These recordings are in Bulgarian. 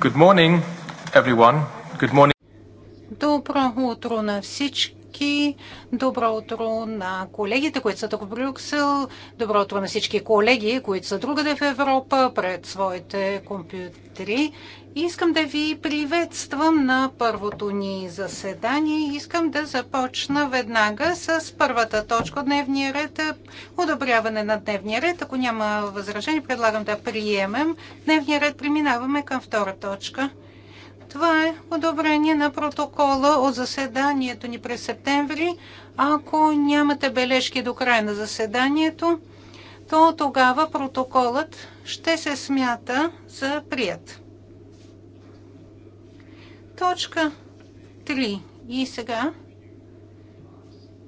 Good morning, everyone. Good morning. Добро утро на всички всички. Добро утро на колегите, които са тук в Брюксел. Добро утро на всички колеги, които са другаде в Европа, пред своите компютри. Искам да ви приветствам на първото ни заседание. Искам да започна веднага с първата точка от дневния ред. Одобряване на дневния ред. Ако няма възражение, предлагам да приемем дневния ред. Преминаваме към втора точка – това е одобрение на протокола от заседанието ни през септември. Ако нямате бележки до края на заседанието, то тогава протоколът ще се смята за прият. Точка 3. И сега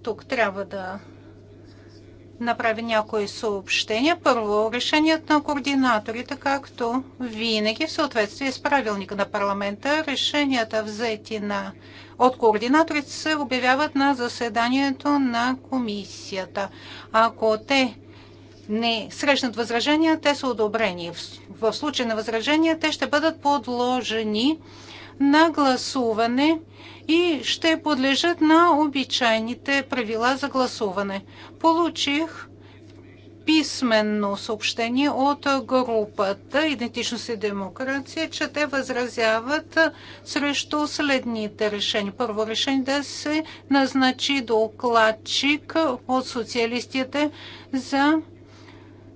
тук трябва да направя някои съобщения. Първо, решението на координаторите, както винаги в съответствие с правилника на парламента, решенията взети на от координаторите се обявяват на заседанието на комисията. Ако те не срещнат възражения, те са одобрени. В случай на възражения те ще бъдат подложени на гласуване и ще подлежат на обичайните правила за гласуване. Получих писменно съобщение от групата Идентичност и демокрация, че те възразяват срещу следните решения. Първо решение да се назначи докладчик от социалистите за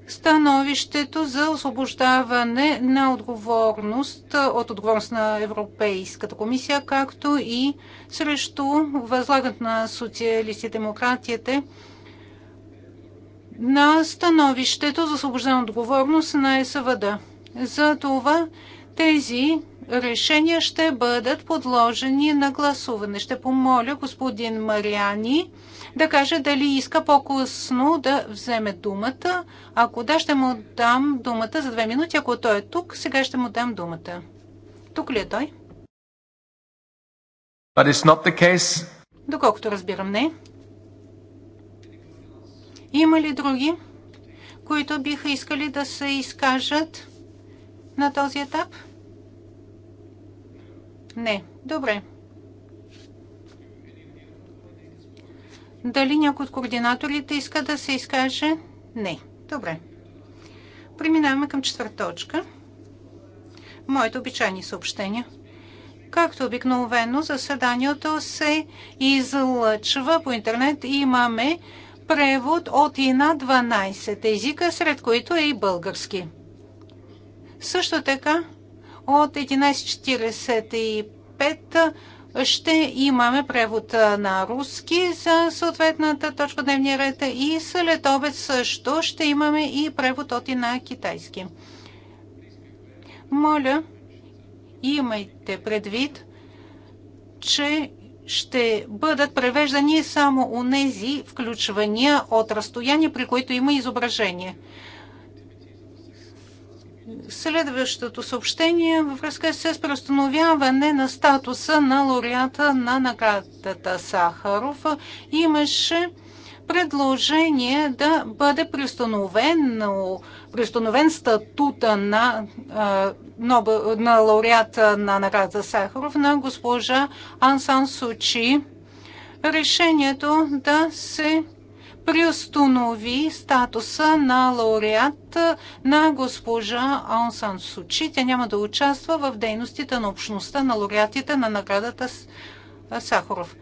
становището за освобождаване на отговорност от отговорност на Европейската комисия, както и срещу възлагат на социалисти демократите на становището за освобождаване от отговорност на СВД. За това тези решения ще бъдат подложени на гласуване. Ще помоля господин Мариани да каже дали иска по-късно да вземе думата. Ако да, ще му дам думата за две минути. Ако той е тук, сега ще му дам думата. Тук ли е той? But it's not the case. Доколкото разбирам, не. Има ли други, които биха искали да се изкажат на този етап? Не. Добре. Дали някой от координаторите иска да се изкаже? Не. Добре. Преминаваме към четвърта точка. Моите обичайни съобщения. Както обикновено, заседанието се излъчва по интернет и имаме превод от и на 12 езика, сред които е и български. Също така от 11.45 ще имаме превод на руски за съответната точка дневния ред и след обед също ще имаме и превод от и на китайски. Моля, имайте предвид, че ще бъдат превеждани само у нези включвания от разстояние, при които има изображение следващото съобщение във връзка с преустановяване на статуса на лауреата на наградата Сахаров. Имаше предложение да бъде преустановен статута на, на лауреата на наградата Сахаров на госпожа Ансан Сучи. Решението да се Приостанови статуса на лауреат на госпожа Аун Сан Сучи. Тя няма да участва в дейностите на общността на лауреатите на наградата Сахаров.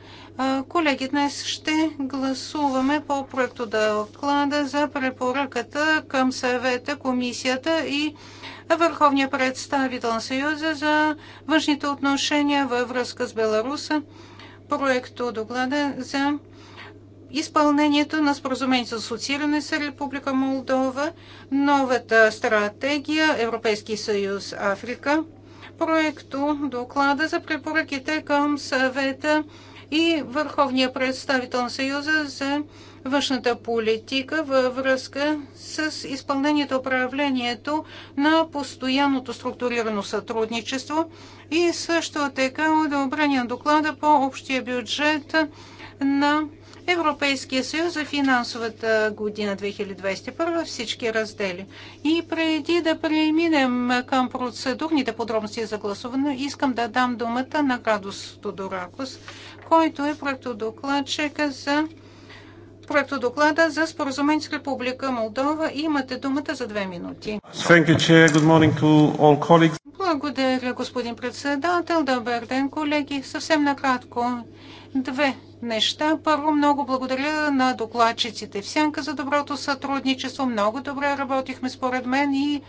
Колеги, днес ще гласуваме по проекто доклада е за препоръката към съвета, комисията и Върховния представител на Съюза за външните отношения във връзка с Беларуса. Проекто доклада за изпълнението на споразумението за асоцииране с Република Молдова, новата стратегия Европейски съюз Африка, проекто доклада за препоръките към съвета и Върховния представител на Съюза за външната политика във връзка с изпълнението управлението на постоянното структурирано сътрудничество и също така одобрение на доклада по общия бюджет на Европейския съюз за финансовата година 2021 всички раздели. И преди да преминем към процедурните подробности за гласуване, искам да дам думата на Градус Тодоракос, който е проектодокладчик за доклада за споразумение с Република Молдова. Имате думата за две минути. Благодаря, господин председател. Добър ден, колеги. Съвсем накратко. Две неща. Първо, много благодаря на докладчиците в Сянка за доброто сътрудничество. Много добре работихме според мен и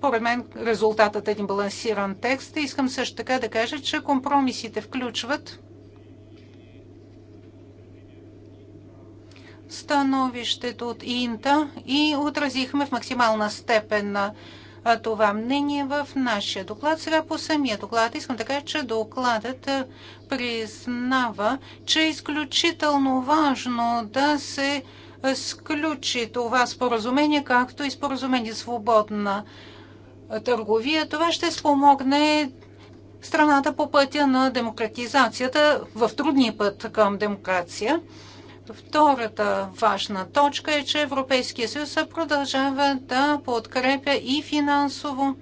поред мен резултатът е един балансиран текст. Искам също така да кажа, че компромисите включват становището от Инта и отразихме в максимална степен на това мнение в нашия доклад. Сега по самия доклад искам да кажа, че докладът признава, че е изключително важно да се сключи това споразумение, както и споразумение свободна търговия. Това ще спомогне страната по пътя на демократизацията, в трудния път към демокрация. Втората важна точка е, че Европейския съюз продължава да подкрепя и финансово,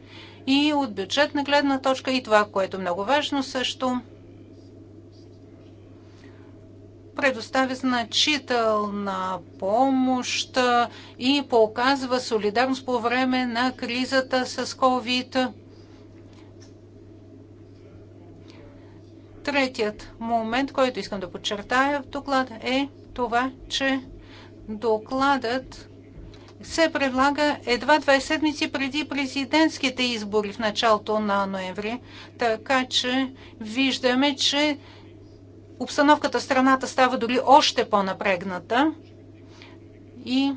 и от бюджетна гледна точка, и това, което е много важно също, предоставя значителна помощ и показва солидарност по време на кризата с COVID. Третият момент, който искам да подчертая в доклад е, това, че докладът се предлага едва две седмици преди президентските избори в началото на ноември. Така че виждаме, че обстановката в страната става дори още по-напрегната и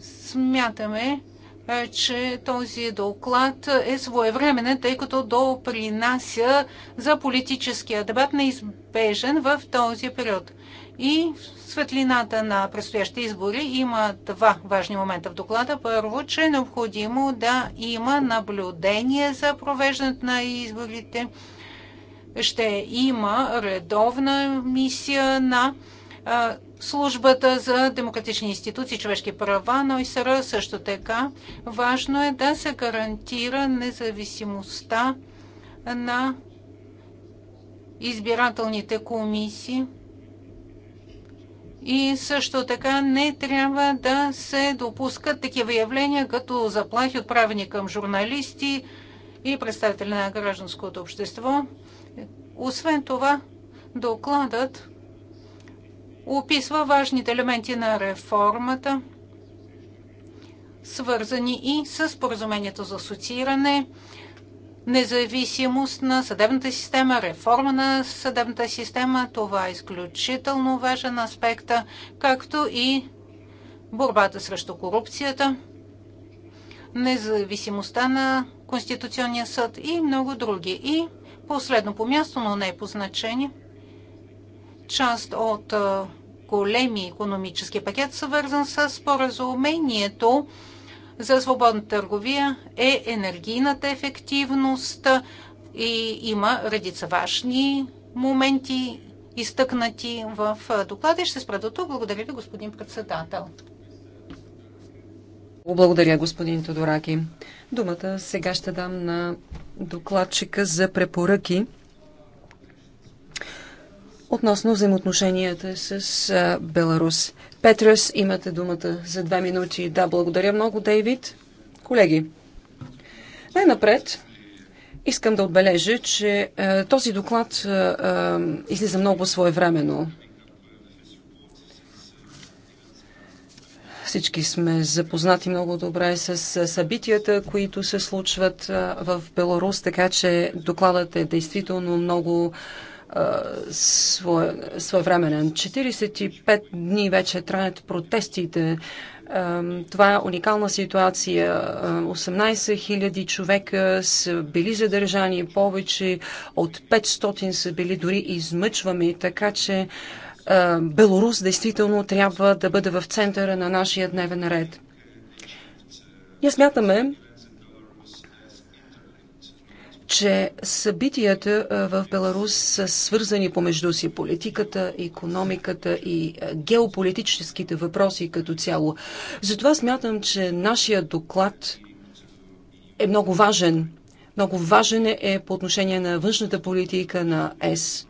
смятаме, е, че този доклад е своевременен, тъй като допринася за политическия дебат, неизбежен в този период. И в светлината на предстоящите избори има два важни момента в доклада. Първо, че е необходимо да има наблюдение за провеждането на изборите. Ще има редовна мисия на службата за демократични институции, човешки права на ОИСР. Също така важно е да се гарантира независимостта на избирателните комисии. И също така не трябва да се допускат такива явления, като заплахи отправени към журналисти и представители на гражданското общество. Освен това, докладът описва важните елементи на реформата, свързани и с поразумението за асоцииране, независимост на съдебната система, реформа на съдебната система. Това е изключително важен аспект, както и борбата срещу корупцията, независимостта на Конституционния съд и много други. И последно по място, но не е по значение – част от големи економически пакет, свързан с споразумението за свободна търговия, е енергийната ефективност и има редица важни моменти, изтъкнати в доклада. Ще спра до тук. Благодаря ви, господин председател. Благодаря, господин Тодораки. Думата сега ще дам на докладчика за препоръки относно взаимоотношенията с Беларус. Петрес, имате думата за две минути. Да, благодаря много, Дейвид. Колеги, най-напред искам да отбележа, че а, този доклад а, а, излиза много своевременно. Всички сме запознати много добре с събитията, които се случват в Беларус, така че докладът е действително много свое, своевременен. 45 дни вече траят протестите. Това е уникална ситуация. 18 000 човека са били задържани, повече от 500 са били дори измъчвани, така че Беларус действително трябва да бъде в центъра на нашия дневен ред. Ние смятаме, че събитията в Беларус са свързани помежду си политиката, економиката и геополитическите въпроси като цяло. Затова смятам, че нашия доклад е много важен. Много важен е по отношение на външната политика на ЕС.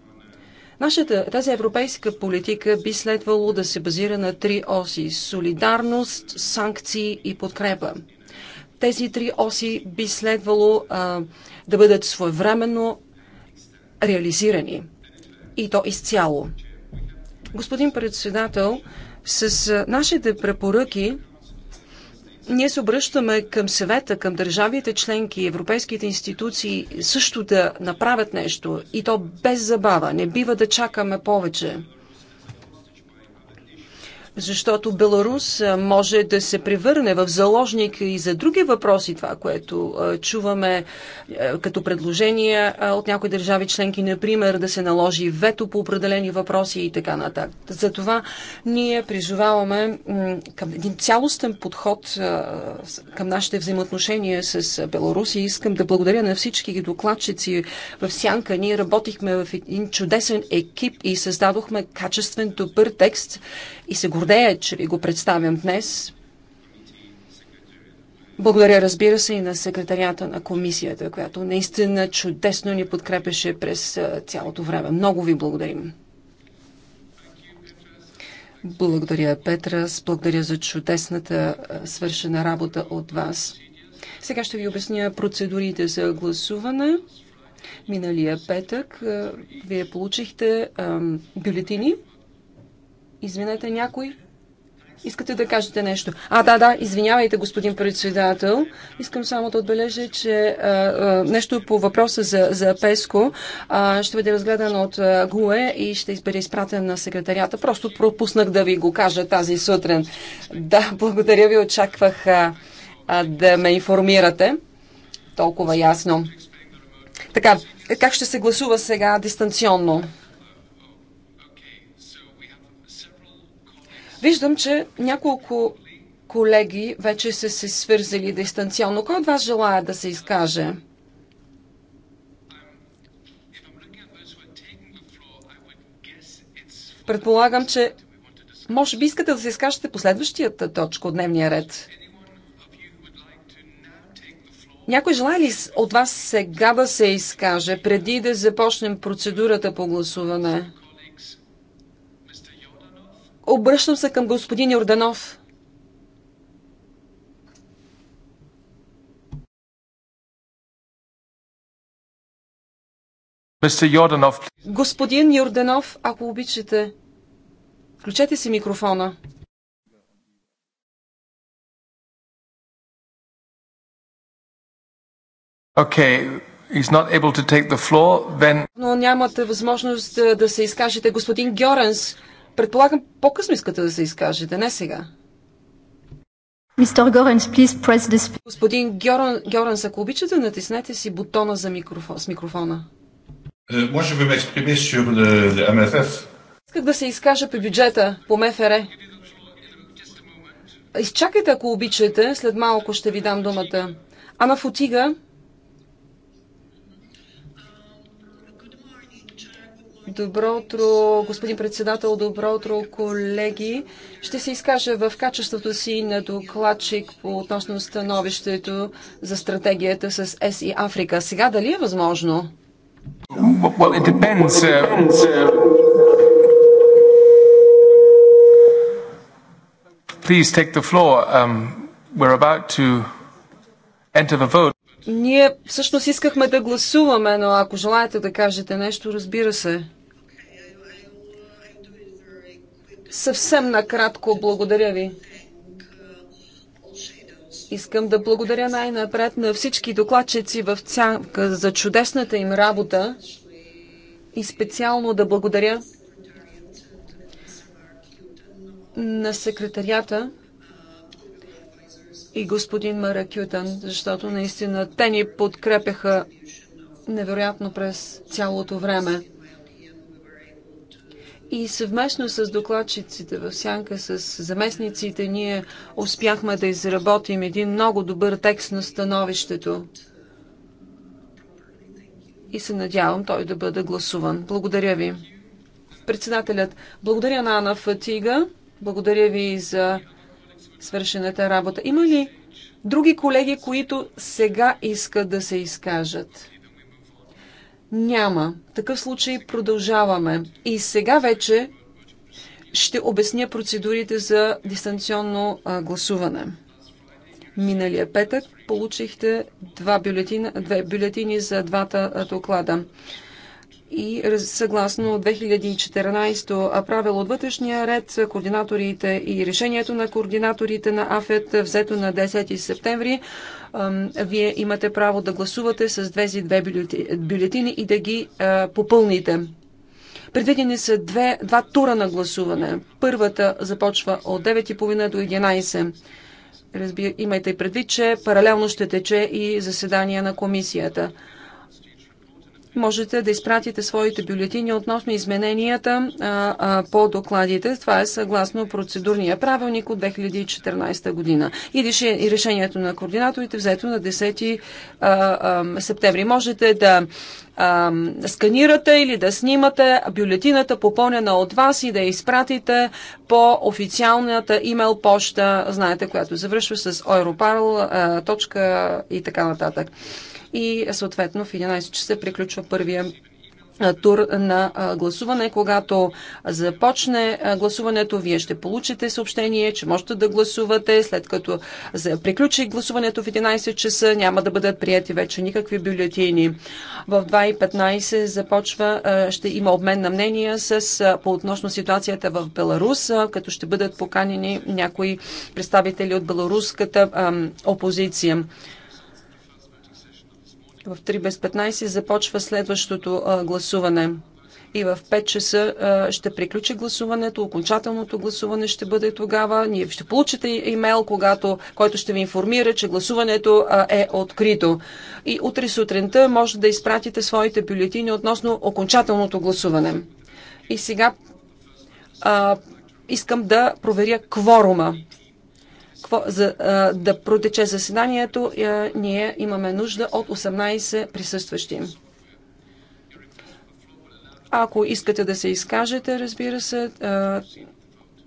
Нашата, тази европейска политика би следвало да се базира на три оси – солидарност, санкции и подкрепа. Тези три оси би следвало а, да бъдат своевременно реализирани. И то изцяло. Господин председател, с нашите препоръки ние се обръщаме към съвета, към държавите членки, европейските институции също да направят нещо и то без забава. Не бива да чакаме повече защото Беларус може да се превърне в заложник и за други въпроси, това, което чуваме като предложения от някои държави членки, например, да се наложи вето по определени въпроси и така нататък. Затова ние призоваваме към един цялостен подход към нашите взаимоотношения с Беларус и искам да благодаря на всички докладчици в Сянка. Ние работихме в един чудесен екип и създадохме качествен добър текст и се гордеем гордея, че ви го представям днес. Благодаря, разбира се, и на секретарията на комисията, която наистина чудесно ни подкрепеше през цялото време. Много ви благодарим. Благодаря, Петрас. Благодаря за чудесната свършена работа от вас. Сега ще ви обясня процедурите за гласуване. Миналия петък вие получихте бюлетини Извинете, някой? Искате да кажете нещо? А, да, да, извинявайте, господин председател. Искам само да отбележа, че а, нещо по въпроса за, за Песко а, ще бъде разгледан от а, ГУЕ и ще бъде изпратен на секретарията. Просто пропуснах да ви го кажа тази сутрин. Да, благодаря ви, очаквах а, а, да ме информирате. Толкова ясно. Така, как ще се гласува сега дистанционно? Виждам, че няколко колеги вече са се свързали дистанционно. Кой от вас желая да се изкаже? Предполагам, че може би искате да се изкажете по следващията точка от дневния ред. Някой желая ли от вас сега да се изкаже, преди да започнем процедурата по гласуване? Обръщам се към господин Йорданов. Господин Йорданов, ако обичате, включете си микрофона. Okay. He's not able to take the floor, then... Но нямате възможност е, да се изкажете. Господин Гьоренс, Предполагам, по-късно искате да се изкажете, не сега. Мистер Горенс, Господин Георан, ако обичате, натиснете си бутона за микрофон, с микрофона. Е, може би vais m'exprimer Исках да се изкажа при бюджета, по МФР. Изчакайте, ако обичате, след малко ще ви дам думата. Ана Фотига Добро утро, господин председател, добро утро, колеги. Ще се изкажа в качеството си на докладчик по относно становището за стратегията с ЕС и Африка. Сега дали е възможно? Well, it depends. Uh, Please take the floor. Um, we're about to enter the vote. Ние всъщност искахме да гласуваме, но ако желаете да кажете нещо, разбира се. Съвсем накратко благодаря ви. Искам да благодаря най-напред на всички докладчици в Цянка за чудесната им работа и специално да благодаря на секретарията и господин Маракютан, защото наистина те ни подкрепяха невероятно през цялото време. И съвместно с докладчиците в сянка с заместниците ние успяхме да изработим един много добър текст на становището. И се надявам той да бъде гласуван. Благодаря ви. Председателят, благодаря на Ана Фатига. Благодаря ви за свършената работа. Има ли други колеги, които сега искат да се изкажат? Няма. В такъв случай продължаваме. И сега вече ще обясня процедурите за дистанционно гласуване. Миналия петък получихте два бюлетина, две бюлетини за двата доклада и съгласно 2014 правило от вътрешния ред, координаторите и решението на координаторите на АФЕТ, взето на 10 септември, вие имате право да гласувате с тези две бюлетини и да ги попълните. Предвидени са две, два тура на гласуване. Първата започва от 9.30 до 11. Разби, имайте предвид, че паралелно ще тече и заседание на комисията можете да изпратите своите бюлетини относно измененията а, а, по докладите. Това е съгласно процедурния правилник от 2014 година. И, решението на координаторите взето на 10 а, септември. Можете да сканирате или да снимате бюлетината попълнена от вас и да я изпратите по официалната имейл почта, знаете, която завършва с europarl.com и така нататък и съответно в 11 часа приключва първия тур на гласуване. Когато започне гласуването, вие ще получите съобщение, че можете да гласувате. След като приключи гласуването в 11 часа, няма да бъдат прияти вече никакви бюлетини. В 2.15 започва, ще има обмен на мнения с, по относно ситуацията в Беларус, като ще бъдат поканени някои представители от беларуската опозиция. В 3 без 15 започва следващото гласуване. И в 5 часа ще приключи гласуването. Окончателното гласуване ще бъде тогава. Ние ще получите имейл, когато, който ще ви информира, че гласуването е открито. И утре сутринта може да изпратите своите бюлетини относно окончателното гласуване. И сега а, искам да проверя кворума за да протече заседанието, ние имаме нужда от 18 присъстващи. Ако искате да се изкажете, разбира се,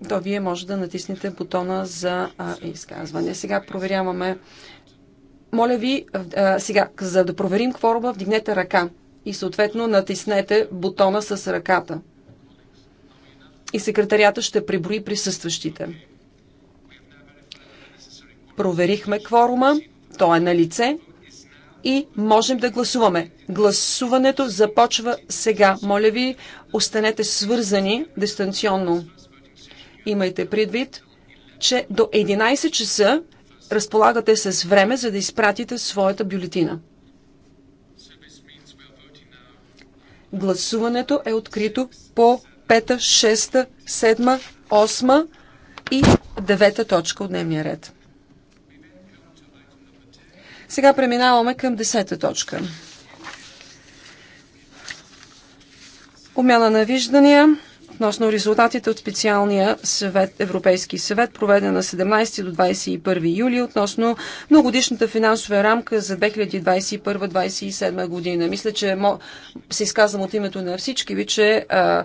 то вие може да натиснете бутона за изказване. Сега проверяваме. Моля ви, сега, за да проверим кворума, вдигнете ръка и съответно натиснете бутона с ръката. И секретарията ще приброи присъстващите. Проверихме кворума, то е на лице и можем да гласуваме. Гласуването започва сега. Моля ви, останете свързани дистанционно. Имайте предвид, че до 11 часа разполагате с време, за да изпратите своята бюлетина. Гласуването е открито по 5, 6, 7, 8 и 9 точка от дневния ред. Сега преминаваме към десета точка. Умяна на виждания относно резултатите от специалния съвет, Европейски съвет, проведен на 17 до 21 юли, относно многодишната финансова рамка за 2021-2027 година. Мисля, че се изказвам от името на всички ви, че а,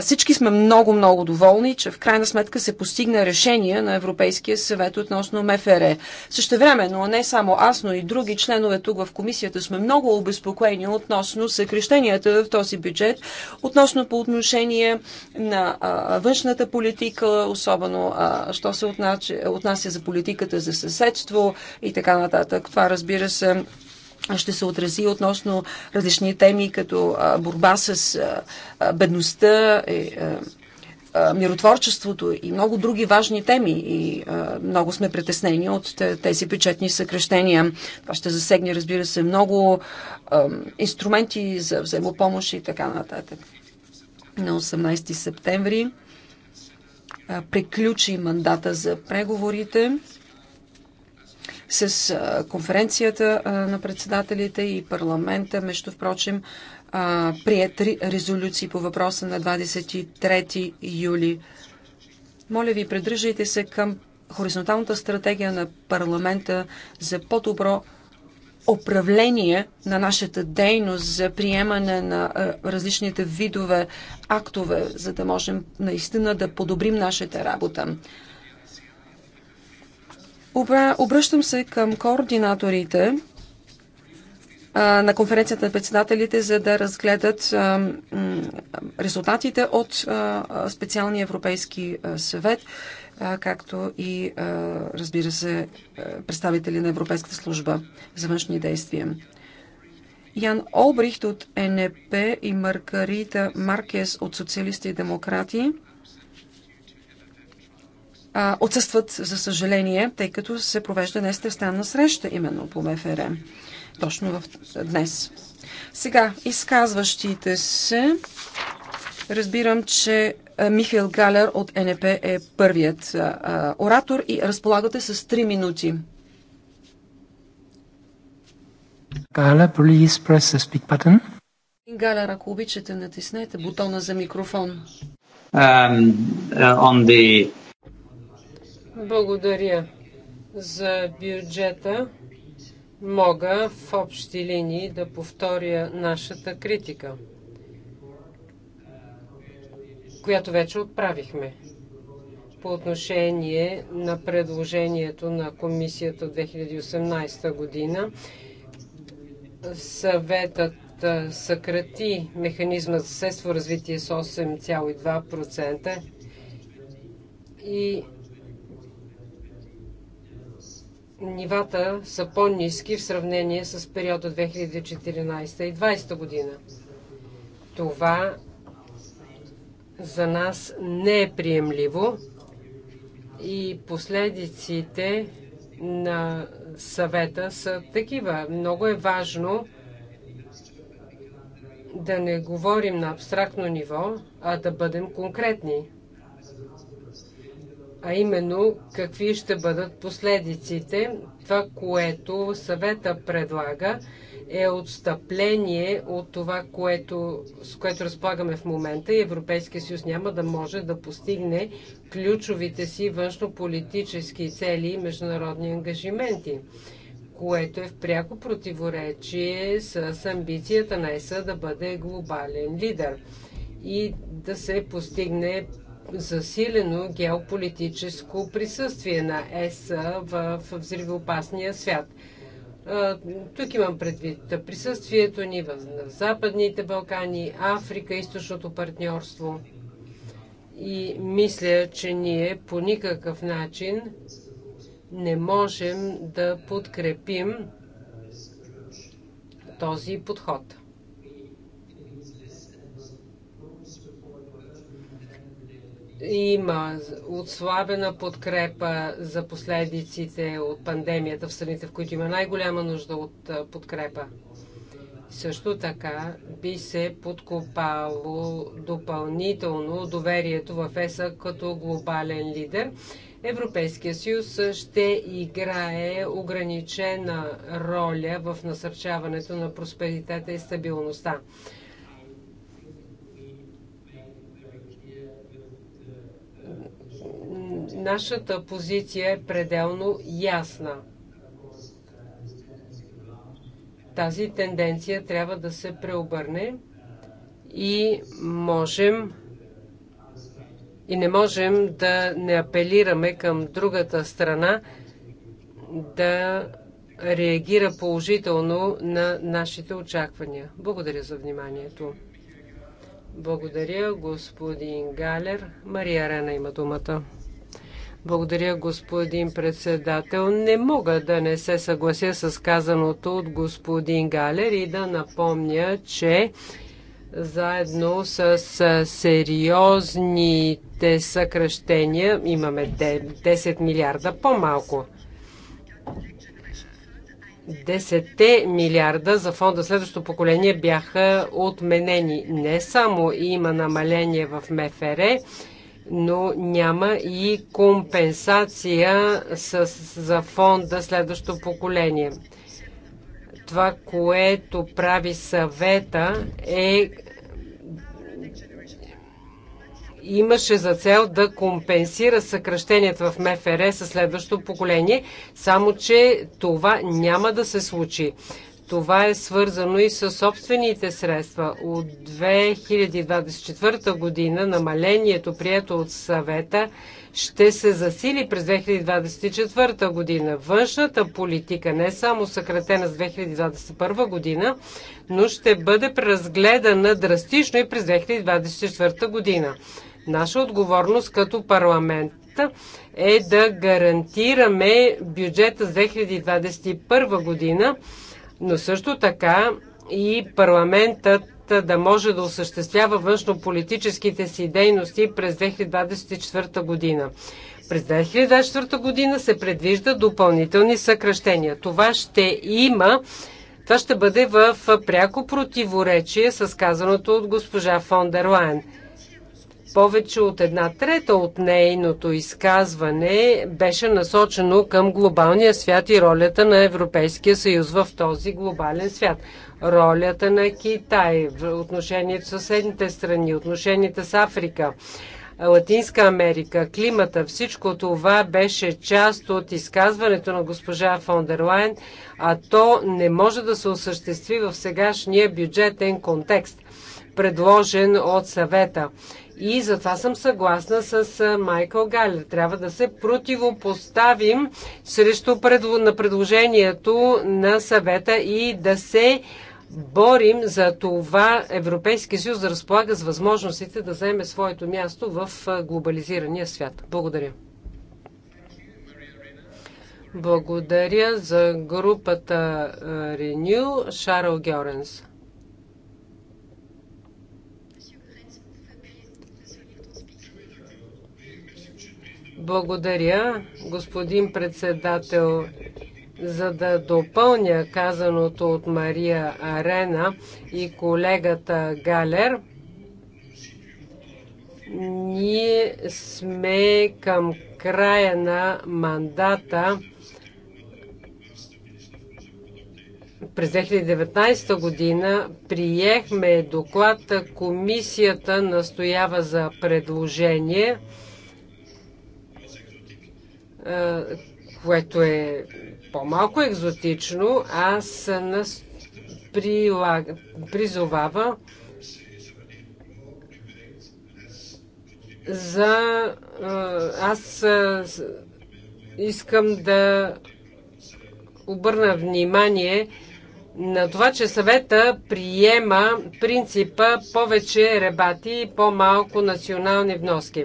всички сме много-много доволни, че в крайна сметка се постигна решение на Европейския съвет относно МФР. Също време, но не само аз, но и други членове тук в комисията сме много обезпокоени относно съкрещенията в този бюджет, относно по отношение на външната политика, особено що се отнася за политиката за съседство и така нататък. Това разбира се ще се отрази относно различни теми, като борба с бедността, е, миротворчеството и много други важни теми. И много сме притеснени от тези бюджетни съкрещения. Това ще засегне, разбира се, много инструменти за взаимопомощ и така нататък. На 18 септември приключи мандата за преговорите с конференцията на председателите и парламента. Между впрочем, прие три резолюции по въпроса на 23 юли. Моля ви, придържайте се към хоризонталната стратегия на парламента за по-добро управление на нашата дейност за приемане на различните видове актове, за да можем наистина да подобрим нашата работа. Обръщам се към координаторите на конференцията на председателите, за да разгледат резултатите от специалния европейски съвет, както и, разбира се, представители на Европейската служба за външни действия. Ян Олбрихт от НП и Маргарита Маркес от Социалисти и Демократи – а, отсъстват, за съжаление, тъй като се провежда днес тристранна среща именно по МФР. Точно в, днес. Сега, изказващите се. Разбирам, че Михаил Галер от НП е първият а, оратор и разполагате с 3 минути. Галер, please press the speak button. Галер, ако обичате, натиснете бутона за микрофон. Um, uh, on the благодаря за бюджета. Мога в общи линии да повторя нашата критика, която вече отправихме по отношение на предложението на комисията от 2018 година. Съветът съкрати механизма за съседство развитие с 8,2% и нивата са по-низки в сравнение с периода 2014 и 2020 година. Това за нас не е приемливо и последиците на съвета са такива. Много е важно да не говорим на абстрактно ниво, а да бъдем конкретни а именно какви ще бъдат последиците. Това, което съвета предлага, е отстъпление от това, което, с което разполагаме в момента и Европейския съюз няма да може да постигне ключовите си външнополитически цели и международни ангажименти което е в пряко противоречие с амбицията на ЕСА да бъде глобален лидер и да се постигне засилено геополитическо присъствие на ЕС в взривоопасния свят. Тук имам предвид присъствието ни в Западните Балкани, Африка, източното партньорство. И мисля, че ние по никакъв начин не можем да подкрепим този подход. Има отслабена подкрепа за последиците от пандемията в страните, в които има най-голяма нужда от подкрепа. Също така би се подкопало допълнително доверието в ЕСА като глобален лидер. Европейския съюз ще играе ограничена роля в насърчаването на просперитета и стабилността. Нашата позиция е пределно ясна. Тази тенденция трябва да се преобърне и можем и не можем да не апелираме към другата страна да реагира положително на нашите очаквания. Благодаря за вниманието. Благодаря, господин Галер. Мария Рена има думата. Благодаря, господин председател. Не мога да не се съглася с казаното от господин Галер и да напомня, че заедно с сериозните съкръщения имаме 10 милиарда по-малко. 10 милиарда за фонда следващото поколение бяха отменени. Не само има намаление в МФР, но няма и компенсация с, за фонда следващо поколение. Това, което прави съвета е имаше за цел да компенсира съкръщенията в МФР със следващото поколение, само че това няма да се случи. Това е свързано и с собствените средства. От 2024 година намалението, прието от съвета, ще се засили през 2024 година. Външната политика не е само съкратена с 2021 година, но ще бъде преразгледана драстично и през 2024 година. Наша отговорност като парламент е да гарантираме бюджета с 2021 година но също така и парламентът да може да осъществява външнополитическите си дейности през 2024 година. През 2024 година се предвижда допълнителни съкръщения. Това ще има това ще бъде в пряко противоречие с казаното от госпожа фон дер Лайен. Повече от една трета от нейното изказване беше насочено към глобалния свят и ролята на Европейския съюз в този глобален свят. Ролята на Китай, отношението с съседните страни, отношенията с Африка. Латинска Америка, климата, всичко това беше част от изказването на госпожа фон дер Лайн, а то не може да се осъществи в сегашния бюджетен контекст, предложен от съвета. И затова съм съгласна с Майкъл Галер. Трябва да се противопоставим срещу предло... на предложението на съвета и да се борим за това Европейския съюз да разполага с възможностите да заеме своето място в глобализирания свят. Благодаря. Благодаря за групата Renew Шарл Георенс. Благодаря, господин председател. За да допълня казаното от Мария Арена и колегата Галер, ние сме към края на мандата през 2019 година приехме доклад. Комисията настоява за предложение. Е, което е по-малко екзотично, аз нас прилаг... призовава за... Е, аз е, искам да обърна внимание на това, че съвета приема принципа повече ребати и по-малко национални вноски.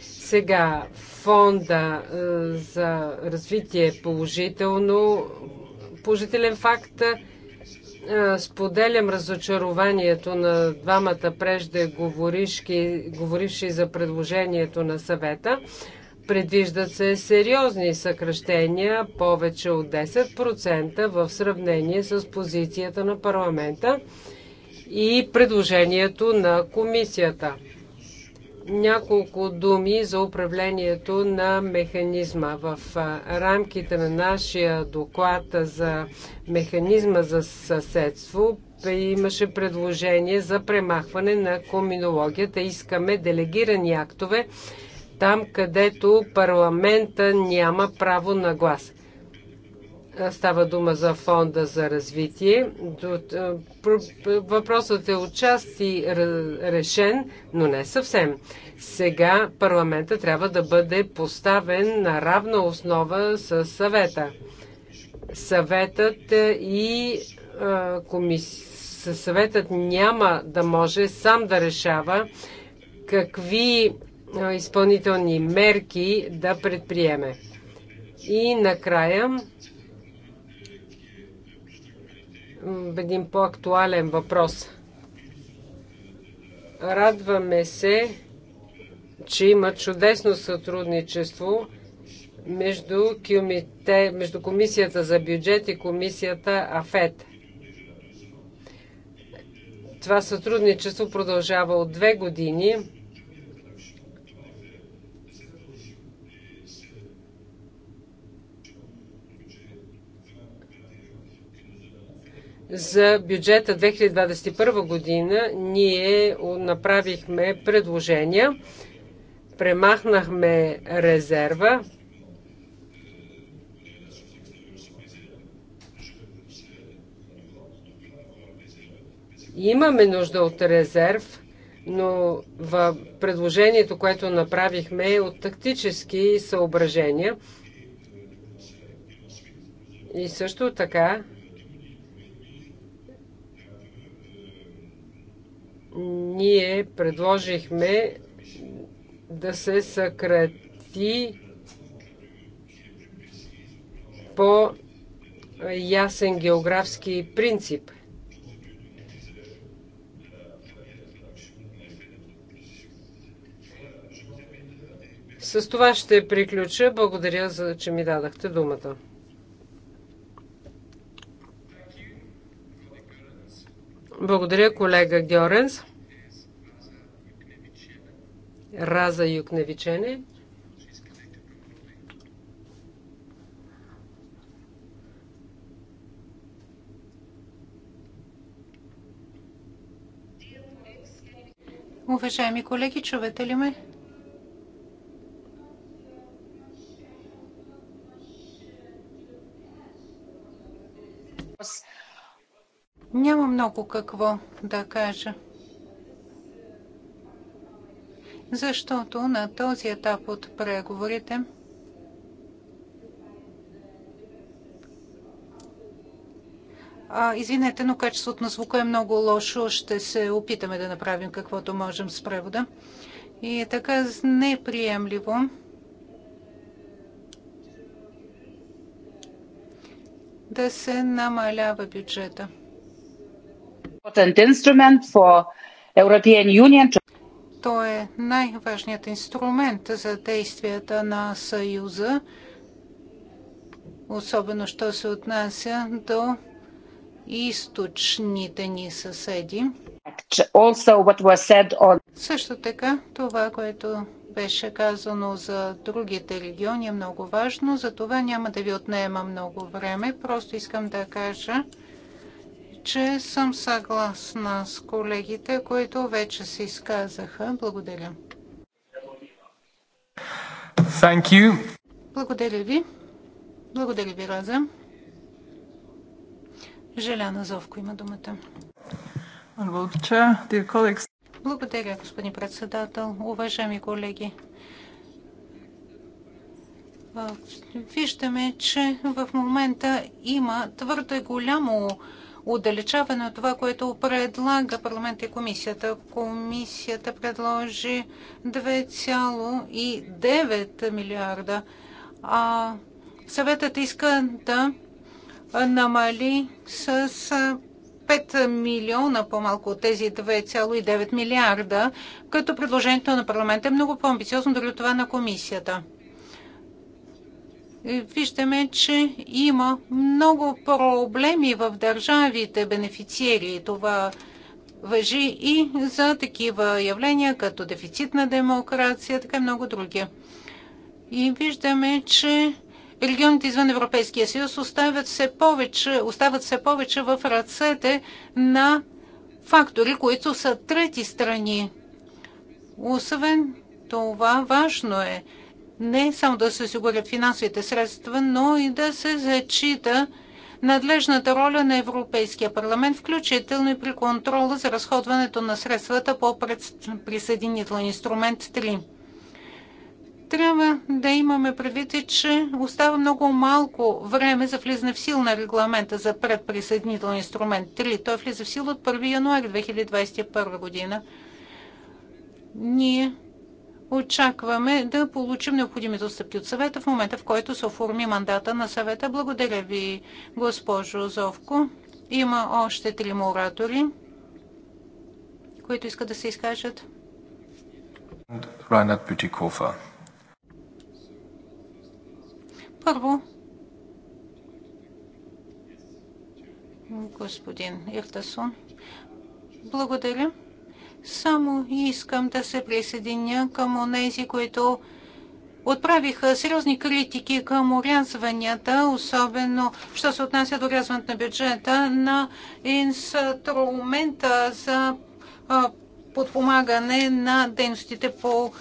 Сега, фонда е, за развитие е положително, положителен факт. Е, споделям разочарованието на двамата прежде, говоривши за предложението на съвета. Предвиждат се сериозни съкръщения, повече от 10% в сравнение с позицията на парламента и предложението на комисията. Няколко думи за управлението на механизма. В рамките на нашия доклад за механизма за съседство имаше предложение за премахване на коминологията. Искаме делегирани актове там, където парламента няма право на глас. Става дума за фонда за развитие. Въпросът е отчасти решен, но не съвсем. Сега парламента трябва да бъде поставен на равна основа с съвета. Съветът и комисия съветът няма да може сам да решава какви изпълнителни мерки да предприеме. И накрая един по-актуален въпрос. Радваме се, че има чудесно сътрудничество между, кюмите, между Комисията за бюджет и Комисията АФЕТ. Това сътрудничество продължава от две години За бюджета 2021 година ние направихме предложения, премахнахме резерва, Имаме нужда от резерв, но в предложението, което направихме е от тактически съображения. И също така ние предложихме да се съкрати по ясен географски принцип. С това ще приключа. Благодаря, за че ми дадахте думата. Благодаря, колега Георенс. Раза Юкневичене. Уважаеми колеги, чувате ли ме? Yes. Няма много какво да кажа. Защото на този етап от преговорите А, извинете, но качеството на звука е много лошо. Ще се опитаме да направим каквото можем с превода. И е така неприемливо. да се намалява бюджета той е най-важният инструмент за действията на Съюза, особено що се отнася до източните ни съседи. Също така, това, което беше казано за другите региони е много важно, за това няма да ви отнема много време. Просто искам да кажа, че съм съгласна с колегите, които вече се изказаха. Благодаря. Thank you. Благодаря ви. Благодаря ви, Раза. Желяна Зовко има думата. Благодаря, господин председател. Уважаеми колеги, виждаме, че в момента има твърде голямо Удалечаване от това, което предлага парламент и комисията. Комисията предложи 2,9 милиарда, а съветът иска да намали с 5 милиона по-малко от тези 2,9 милиарда, като предложението на парламента е много по-амбициозно дори от това на комисията виждаме, че има много проблеми в държавите бенефициери. Това въжи и за такива явления, като дефицит на демокрация, така и много други. И виждаме, че регионите извън Европейския съюз оставят все повече, остават все повече в ръцете на фактори, които са трети страни. Освен това, важно е не само да се осигурят финансовите средства, но и да се зачита надлежната роля на Европейския парламент, включително и при контрола за разходването на средствата по присъединителния инструмент 3. Трябва да имаме предвид, че остава много малко време за влизане в сила на регламента за предприсъединителен инструмент 3. Той влиза в сила от 1 януари 2021 година. Ние очакваме да получим необходимите отстъпки от съвета в момента, в който се оформи мандата на съвета. Благодаря ви, госпожо Зовко. Има още три оратори, които искат да се изкажат. Райнат Бютикофа. Първо, господин Иртасон. Благодаря. Само искам да се присъединя към онези, които отправиха сериозни критики към урязванията, особено що се отнася до урязването на бюджета на инструмента за подпомагане на дейностите по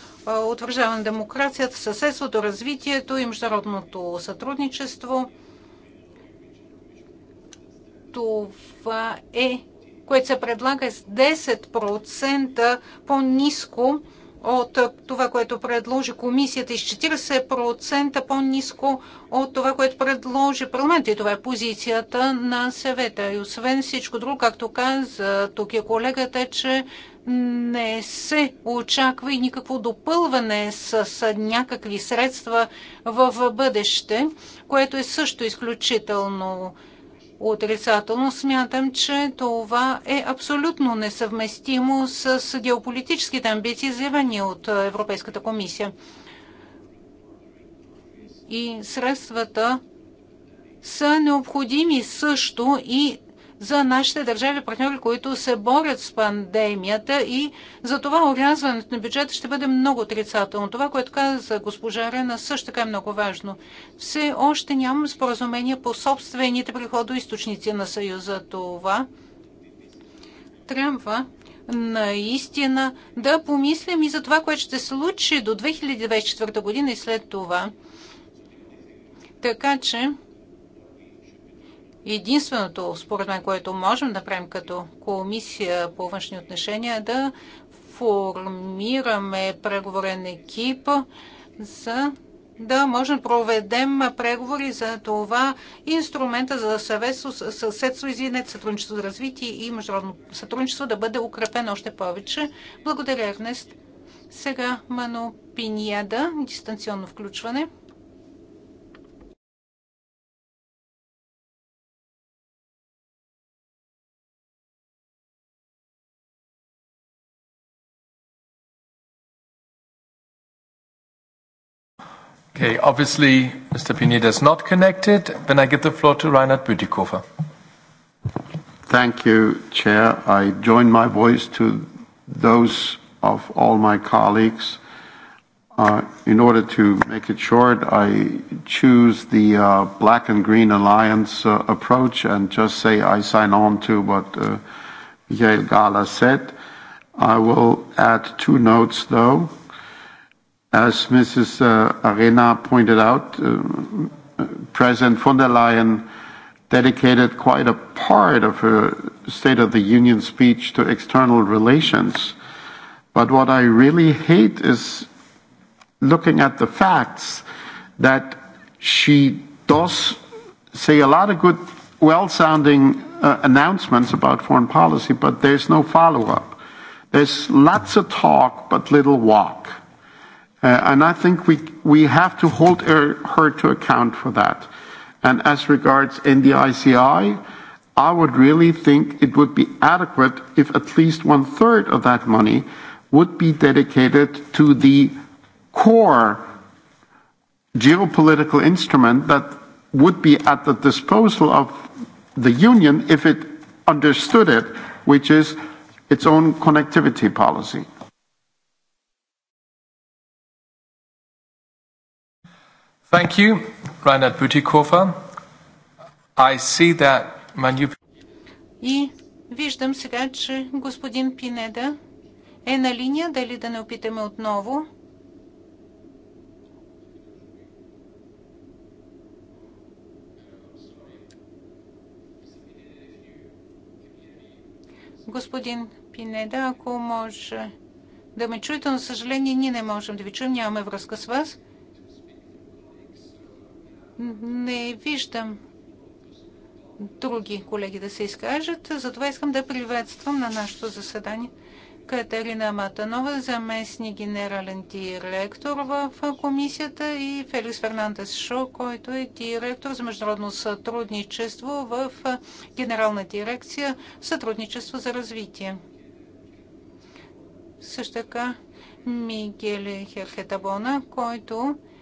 утвържаване на демокрацията, съседството, развитието и международното сътрудничество. Това е което се предлага е с 10% по-ниско от това, което предложи комисията и с 40% по-ниско от това, което предложи парламент. И това е позицията на съвета. И освен всичко друго, както каза тук е колегата, че не се очаква и никакво допълване с, с някакви средства в бъдеще, което е също изключително отрицателно. Смятам, че това е абсолютно несъвместимо с геополитическите амбиции, заявени от Европейската комисия. И средствата са необходими също и за нашите държави партньори, които се борят с пандемията и за това урязването на бюджета ще бъде много отрицателно. Това, което каза госпожа Рена, също така е много важно. Все още нямам споразумение по собствените приходоисточници на Съюза. Това трябва наистина да помислим и за това, което ще се случи до 2024 година и след това. Така че единственото, според мен, което можем да направим като комисия по външни отношения, е да формираме преговорен екип за да можем да проведем преговори за това инструмента за съветство, съседство, извинете, сътрудничество за развитие и международно сътрудничество да бъде укрепено още повече. Благодаря, Ернест. Сега Мано дистанционно включване. Okay, obviously, Mr. Pineda is not connected. Then I give the floor to Reinhard Bütikofer. Thank you, Chair. I join my voice to those of all my colleagues. Uh, in order to make it short, I choose the uh, black and green alliance uh, approach and just say I sign on to what uh, Michael Gala said. I will add two notes, though. As Mrs. Arena pointed out, President von der Leyen dedicated quite a part of her State of the Union speech to external relations. But what I really hate is looking at the facts that she does say a lot of good, well sounding uh, announcements about foreign policy, but there's no follow up. There's lots of talk, but little walk. Uh, and I think we, we have to hold her, her to account for that. And as regards NDICI, I would really think it would be adequate if at least one third of that money would be dedicated to the core geopolitical instrument that would be at the disposal of the Union if it understood it, which is its own connectivity policy. Thank you, Reinhard Butikofer. I see that И виждам сега, че господин Пинеда е на линия. Дали да не опитаме отново? Господин Пинеда, ако може да ме чуете, но съжаление ние не можем да ви чуем, нямаме връзка с вас. Не виждам други колеги да се изкажат. Затова искам да приветствам на нашето заседание Катерина Матанова, заместник генерален директор в комисията и Феликс Фернандес Шо, който е директор за международно сътрудничество в Генерална дирекция Сътрудничество за развитие. Също така Мигеле Херхетабона, който е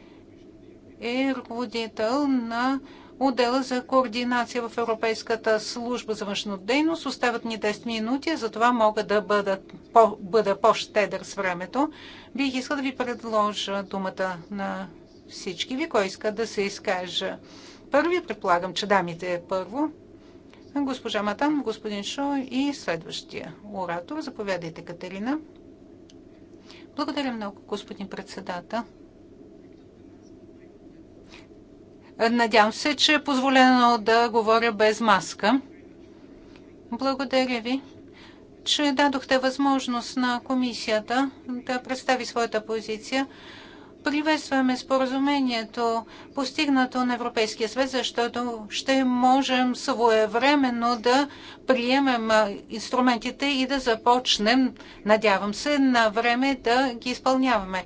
е ръководител на отдела за координация в Европейската служба за външна дейност. Остават ни 10 минути, затова мога да бъда, по, бъда по-щедър с времето. Бих искал да ви предложа думата на всички ви, кой иска да се изкаже. Първи, предполагам, че дамите е първо. Госпожа Матан, господин Шо и следващия оратор. Заповядайте, Катерина. Благодаря много, господин председател. Надявам се, че е позволено да говоря без маска. Благодаря ви, че дадохте възможност на комисията да представи своята позиция. Приветстваме споразумението, постигнато на Европейския съвет, защото ще можем своевременно да приемем инструментите и да започнем, надявам се, на време да ги изпълняваме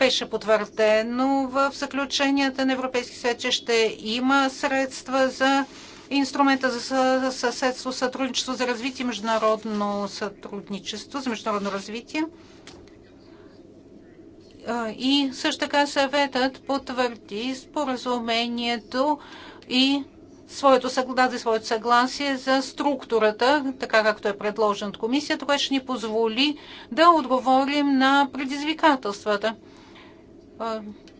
беше потвърдено в заключенията на Европейски съвет, че ще има средства за инструмента за съседство, сътрудничество за развитие, международно сътрудничество, за международно развитие. И също така съветът потвърди споразумението и своето, съгласие, своето съгласие за структурата, така както е предложен от комисията, което ще ни позволи да отговорим на предизвикателствата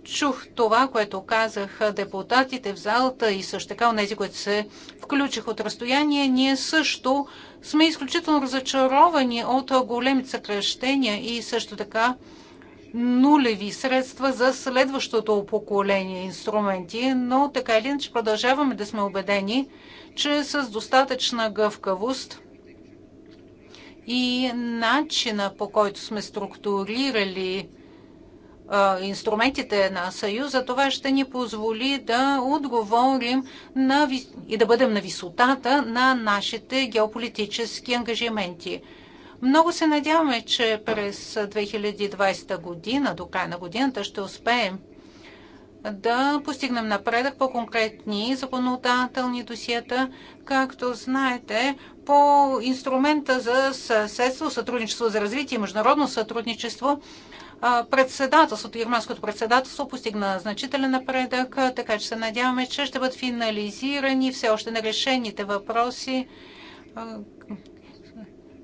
чух това, което казах депутатите в залата и също така от тези, които се включих от разстояние. Ние също сме изключително разочаровани от големи съкрещения и също така нулеви средства за следващото поколение инструменти, но така или иначе продължаваме да сме убедени, че с достатъчна гъвкавост и начина по който сме структурирали инструментите на Съюза, това ще ни позволи да отговорим на, и да бъдем на висотата на нашите геополитически ангажименти. Много се надяваме, че през 2020 година, до края на годината, ще успеем да постигнем напредък по конкретни законодателни досиета, както знаете, по инструмента за съседство, сътрудничество за развитие и международно сътрудничество – председателството, германското председателство постигна значителен напредък, така че се надяваме, че ще бъдат финализирани все още на решените въпроси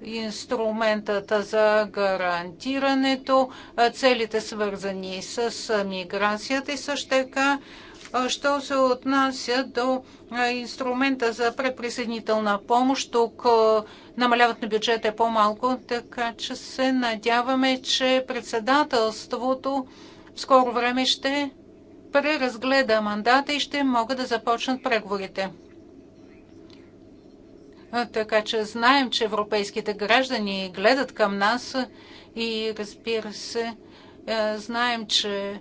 инструментът за гарантирането, целите свързани с миграцията и също така Що се отнася до инструмента за предприсъединителна помощ, тук намаляват на бюджета е по-малко, така че се надяваме, че председателството в скоро време ще преразгледа мандата и ще могат да започнат преговорите. Така че знаем, че европейските граждани гледат към нас и разбира се, знаем, че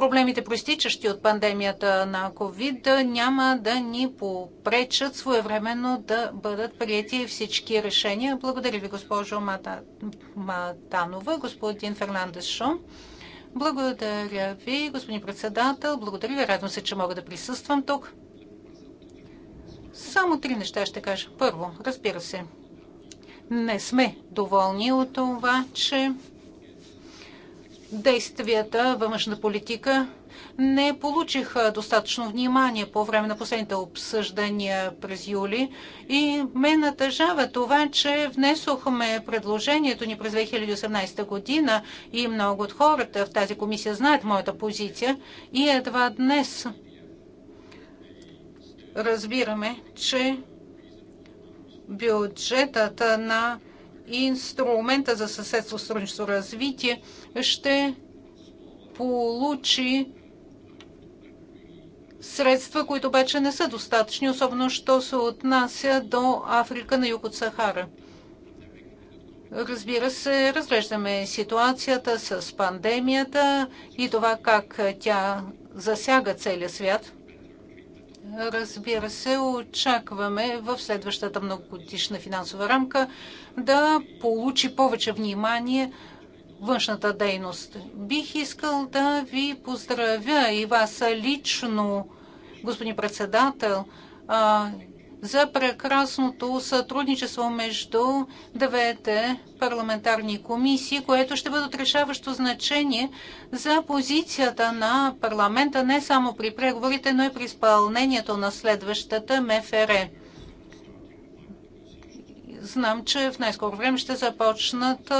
проблемите, проистичащи от пандемията на COVID, няма да ни попречат своевременно да бъдат прияти всички решения. Благодаря ви, госпожо Мата... Матанова, господин Фернандес Шо. Благодаря ви, господин председател. Благодаря ви. Радвам се, че мога да присъствам тук. Само три неща ще кажа. Първо, разбира се, не сме доволни от това, че действията във външната политика не получиха достатъчно внимание по време на последните обсъждания през юли и ме натъжава това, че внесохме предложението ни през 2018 година и много от хората в тази комисия знаят моята позиция и едва днес разбираме, че бюджетът на инструмента за съседство, сътрудничество, развитие ще получи средства, които обаче не са достатъчни, особено що се отнася до Африка на юг от Сахара. Разбира се, разглеждаме ситуацията с пандемията и това как тя засяга целия свят. Разбира се, очакваме в следващата многогодишна финансова рамка да получи повече внимание външната дейност. Бих искал да ви поздравя и вас лично, господин председател, за прекрасното сътрудничество между двете парламентарни комисии, което ще бъде решаващо значение за позицията на парламента не само при преговорите, но и при изпълнението на следващата МФР. Знам, че в най-скоро време ще започнат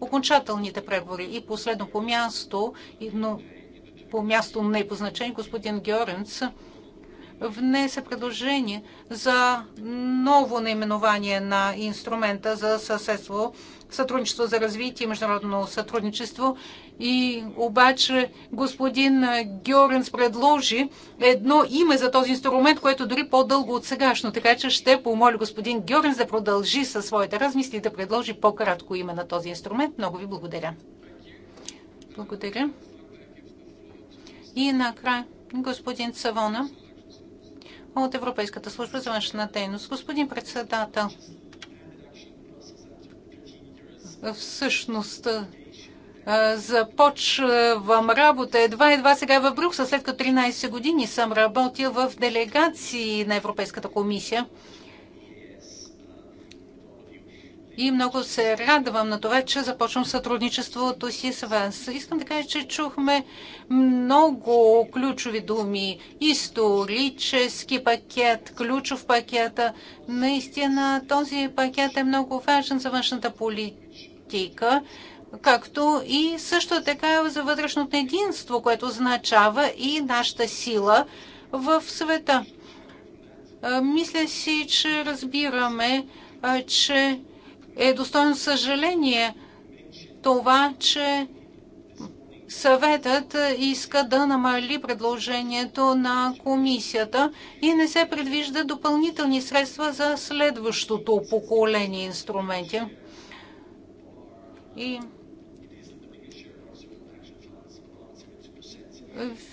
окончателните преговори. И последно по място, но по място не по значение, господин Георенц внесе предложение за ново наименование на инструмента за съседство сътрудничество за развитие и международно сътрудничество. И обаче господин Георенс предложи едно име за този инструмент, което дори по-дълго от сегашно. Така че ще помоля господин Георенс да продължи със своите размисли и да предложи по-кратко име на този инструмент. Много ви благодаря. Благодаря. И накрая господин Савона от Европейската служба за външна дейност. Господин председател, всъщност започвам работа едва едва сега е в Брюксел, след като 13 години съм работил в делегации на Европейската комисия. И много се радвам на това, че започвам сътрудничеството си с вас. Искам да кажа, че чухме много ключови думи. Исторически пакет, ключов пакет. Наистина този пакет е много важен за външната политика политика, както и също така за вътрешното единство, което означава и нашата сила в света. Мисля си, че разбираме, че е достойно съжаление това, че съветът иска да намали предложението на комисията и не се предвижда допълнителни средства за следващото поколение инструменти. И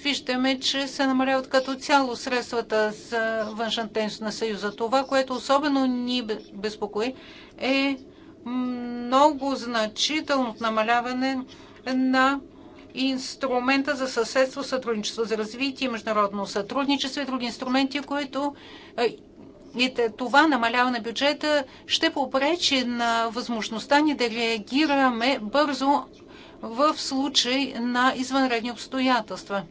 виждаме, че се намаляват като цяло средствата за външен тенс на Съюза. Това, което особено ни безпокои, е много значително намаляване на инструмента за съседство, сътрудничество за развитие, международно сътрудничество и други инструменти, които е, и това намаляване на бюджета ще попречи на възможността ни да реагираме бързо в случай на извънредни обстоятелства.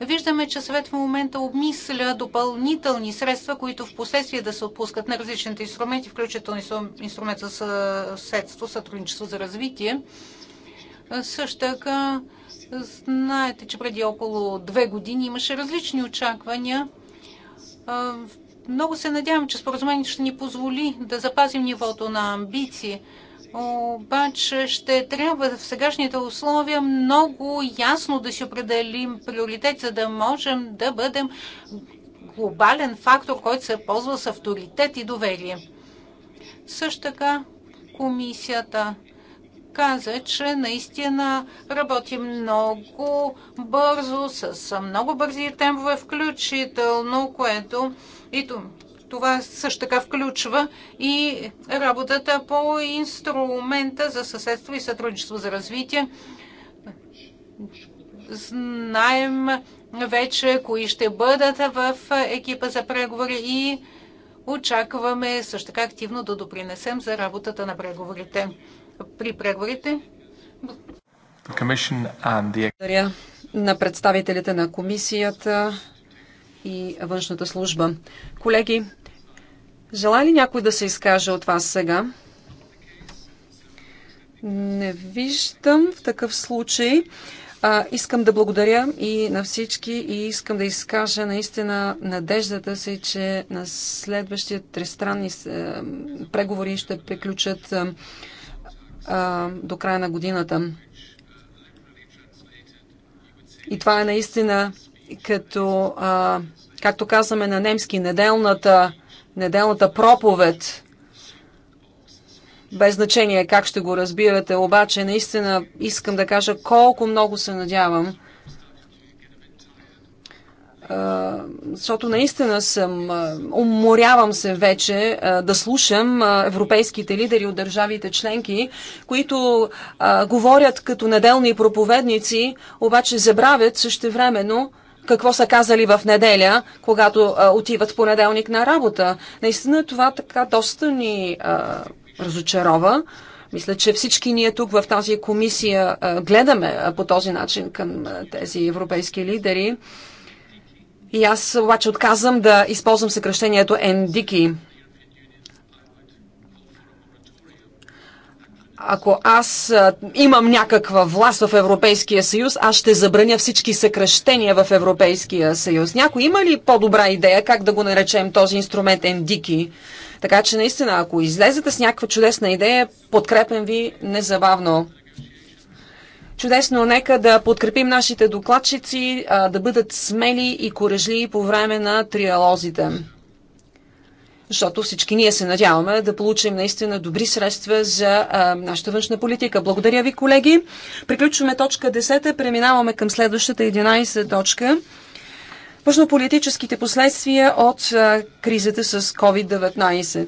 Виждаме, че съвет в момента обмисля допълнителни средства, които в последствие да се отпускат на различните инструменти, включително инструмент за съседство, сътрудничество за развитие. Също така, знаете, че преди около две години имаше различни очаквания много се надявам, че споразумението ще ни позволи да запазим нивото на амбиции, обаче ще трябва в сегашните условия много ясно да си определим приоритет, за да можем да бъдем глобален фактор, който се ползва с авторитет и доверие. Също така комисията каза, че наистина работи много бързо, с много бързи темпове включително, което и това също така включва и работата по инструмента за съседство и сътрудничество за развитие. Знаем вече кои ще бъдат в екипа за преговори и очакваме също така активно да допринесем за работата на преговорите. При преговорите. Благодаря на представителите на комисията, и външната служба. Колеги, желая ли някой да се изкаже от вас сега? Не виждам в такъв случай. А, искам да благодаря и на всички и искам да изкажа наистина надеждата си, че на следващия тристранни е, преговори ще приключат а, е, е, до края на годината. И това е наистина като, а, както казваме на немски, неделната, неделната проповед, без значение как ще го разбирате, обаче наистина искам да кажа колко много се надявам, защото наистина съм, уморявам се вече да слушам европейските лидери от държавите членки, които говорят като неделни проповедници, обаче забравят също времено какво са казали в неделя, когато а, отиват понеделник на работа. Наистина това така доста ни а, разочарова. Мисля, че всички ние тук в тази комисия а, гледаме а, по този начин към а, тези европейски лидери. И аз обаче отказвам да използвам съкръщението НДИКИ. ако аз имам някаква власт в Европейския съюз, аз ще забраня всички съкръщения в Европейския съюз. Някой има ли по-добра идея как да го наречем този инструмент ендики? Така че наистина, ако излезете с някаква чудесна идея, подкрепям ви незабавно. Чудесно, нека да подкрепим нашите докладчици, да бъдат смели и корежливи по време на триалозите защото всички ние се надяваме да получим наистина добри средства за а, нашата външна политика. Благодаря ви, колеги. Приключваме точка 10. Преминаваме към следващата 11 точка. Външнополитическите последствия от а, кризата с COVID-19.